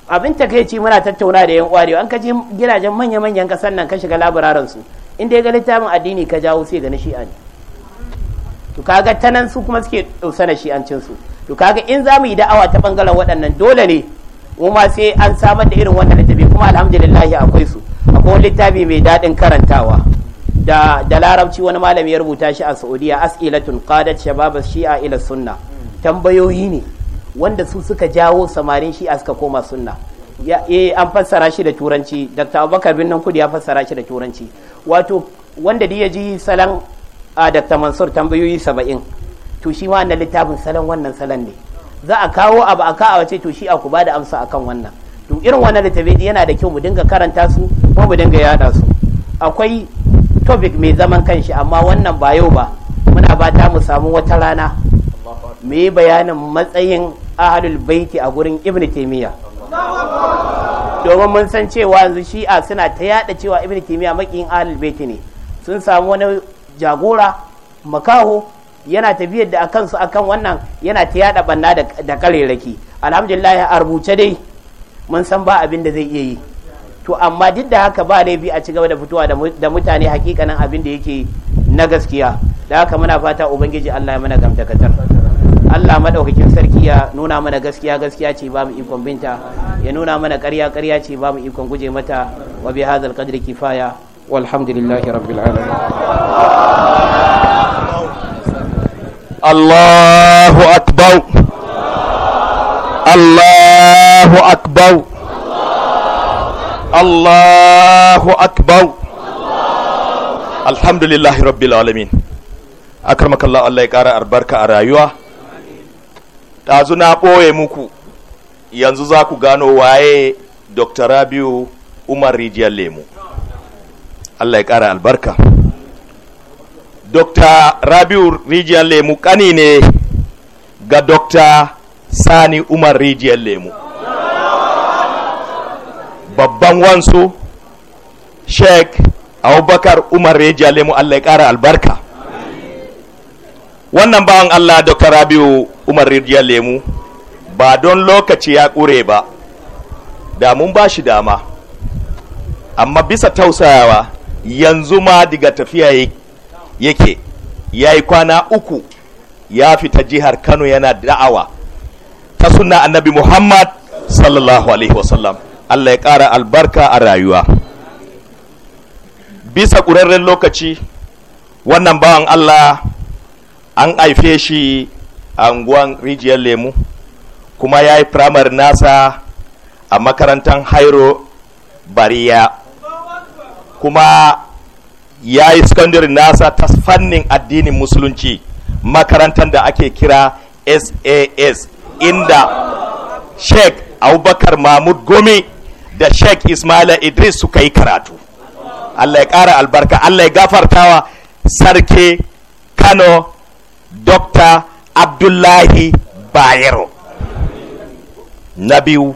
abin takaici muna tattauna da yan uwa an kaji gidajen manya-manyan kasan nan ka shiga labararin su in dai ga littafin addini ka jawo sai ga na shi'a ne to kaga tanan su kuma suke dausa na shi'ancin su to kaga in za mu yi da'awa ta bangaren waɗannan dole ne mu ma sai an samar da irin wannan littafi kuma alhamdulillah akwai su akwai littafi mai daɗin karantawa da da larabci wani malami ya rubuta shi a saudiya as'ilatun qadat shabab shi'a ila sunna tambayoyi ne wanda su suka jawo samarin shi'a suka koma sunna ya eh, an fassara shi da turanci dr abubakar bin nan kudu ya fassara shi da turanci wato wanda da ya ji salon a dr mansur tambayoyi saba'in to shi wannan littafin salon wannan salon ne za a kawo abu a ka a wace to shi a ku bada amsa akan wannan to irin wannan littafi yana da kyau mu dinga karanta su ko mu dinga yada su akwai topic mai zaman kanshi amma wannan ba yau ba muna bata mu samu wata rana mu yi bayanin matsayin ahalul baiti a gurin ibn taimiyya domin mun san cewa yanzu shi'a suna ta yada cewa ibn taimiyya makiyin ahalul baiti ne sun samu wani jagora makaho yana tafiyar da akan su akan wannan yana ta yada banna da raki alhamdulillah a rubuce dai mun san ba abin da zai iya yi to amma duk da haka ba laifi a cigaba da fitowa da mutane hakikanin abin da yake na gaskiya da haka muna fata ubangiji Allah ya mana gamtakatar Allah madaukakin sarki ya nuna mana gaskiya gaskiya ce ba mu ikon binta ya nuna mana ƙarya ƙarya ce ba mu ikon guje mata wa bi hadzal qadri kifaya walhamdulillahi rabbil alamin Allahu akbar Allahu akbar Allahu akbar Alhamdulillahi rabbil alamin akramakallahu Allah ya kara albarka a rayuwa ɗazu na ɓoye muku yanzu za ku gano waye Dr. Rabiu Umar Rijiyar Lemu Allah ya ƙara albarka dr rabiu rijiyar lemu kani ne ga dr sani umar rijiyar lemu babban wansu sheikh abubakar umar rijiyar lemu allah ya kara albarka wannan bawan allah dr rabiu umar rijiyar lemu ba don lokaci ya ƙure ba da mun ba shi dama amma bisa tausayawa yanzu ma diga tafiya yake ya yi kwana uku ya fita jihar kano yana da'awa ta suna annabi muhammad sallallahu alaihi wasallam allah ya kara albarka a rayuwa bisa ƙurarren lokaci wannan bawan allah an haife shi a unguwan rijiyar lemu kuma ya yi firamar nasa a makarantar hairo bariya kuma ya yi secondary nasa ta fannin addinin musulunci makarantar da ake kira sas inda sheikh abubakar mahmud gomi da sheikh ismail idris suka yi karatu allah ya kara albarka allah ya gafartawa sarki kano dr abdullahi bayero na biyu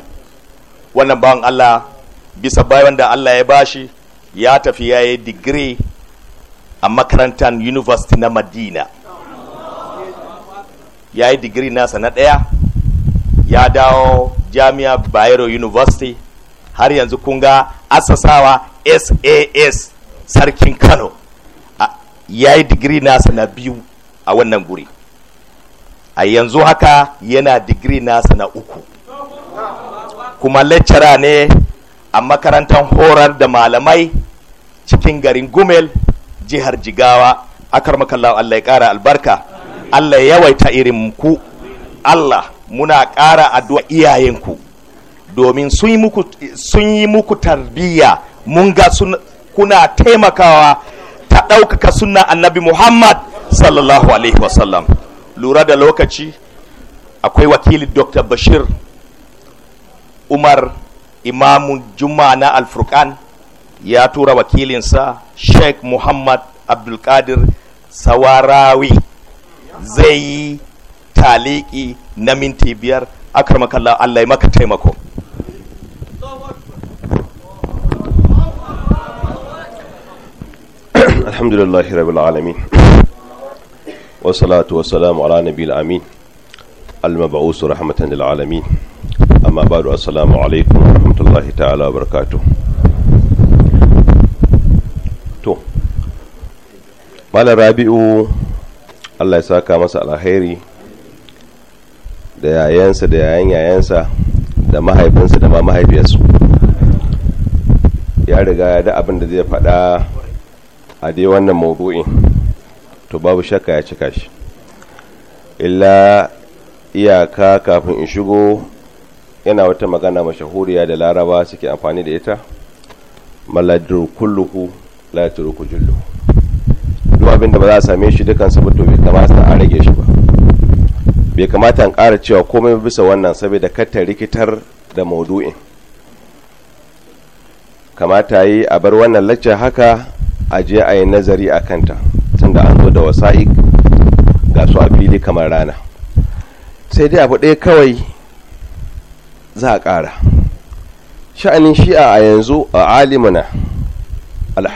wannan bawan allah bisa bayan da allah ya bashi ya tafi ya yi digiri a makarantar university na madina ya yi digiri nasa na ɗaya ya dawo jami'a bayero university har yanzu kun ga asasawa sas sarkin kano ya yi digiri nasa na biyu a wannan guri a yanzu haka yana digiri nasa na uku kuma lecturer ne a makarantar horar da malamai cikin garin gumel jihar jigawa akar makallawa Allah ya ƙara albarka Allah ya yawaita irin ku Allah muna ƙara addu'a iyayenku domin sun yi muku tarbiyya mun ga kuna taimakawa ta ɗaukaka sunna annabi Muhammad sallallahu alaihi wasallam lura da lokaci akwai wakili Dr. Bashir Umar imamu Juma'a na Alfurkan ya tura wakilinsa sheikh muhammad abdulkadir sawarawi zai yi taliki na minti biyar akar makalla allah maka taimako alhamdulillahi rabbil alamin wasalatu wasalamu ala nabil amin almabu'us rahmatan lil alamin amma ba'du assalamu alaikum wa rahmatullahi ta'ala wa barakatuh to malar rabi'u allah ya saka masa alheri da yayansa da yayan yayansa da mahaifinsa da ma mahaifiyarsu ya riga ya da abin da zai faɗa a dai wannan maudu'in to babu shakka ya cika shi illa iyaka kafin in shigo yana wata magana mashahuriya da laraba suke amfani da ita maladur kulluhu la yatruku jullu duk abin da ba za a same shi dukan sa to bai kamata a rage shi ba bai kamata an ƙara cewa komai bisa wannan saboda katta rikitar da maudu'in kamata yi a bar wannan lacca haka a je a yi nazari a kanta tunda an zo da wasa'ik ga su a fili kamar rana sai dai abu ɗaya kawai za a ƙara sha'anin shi'a a yanzu a alimuna alha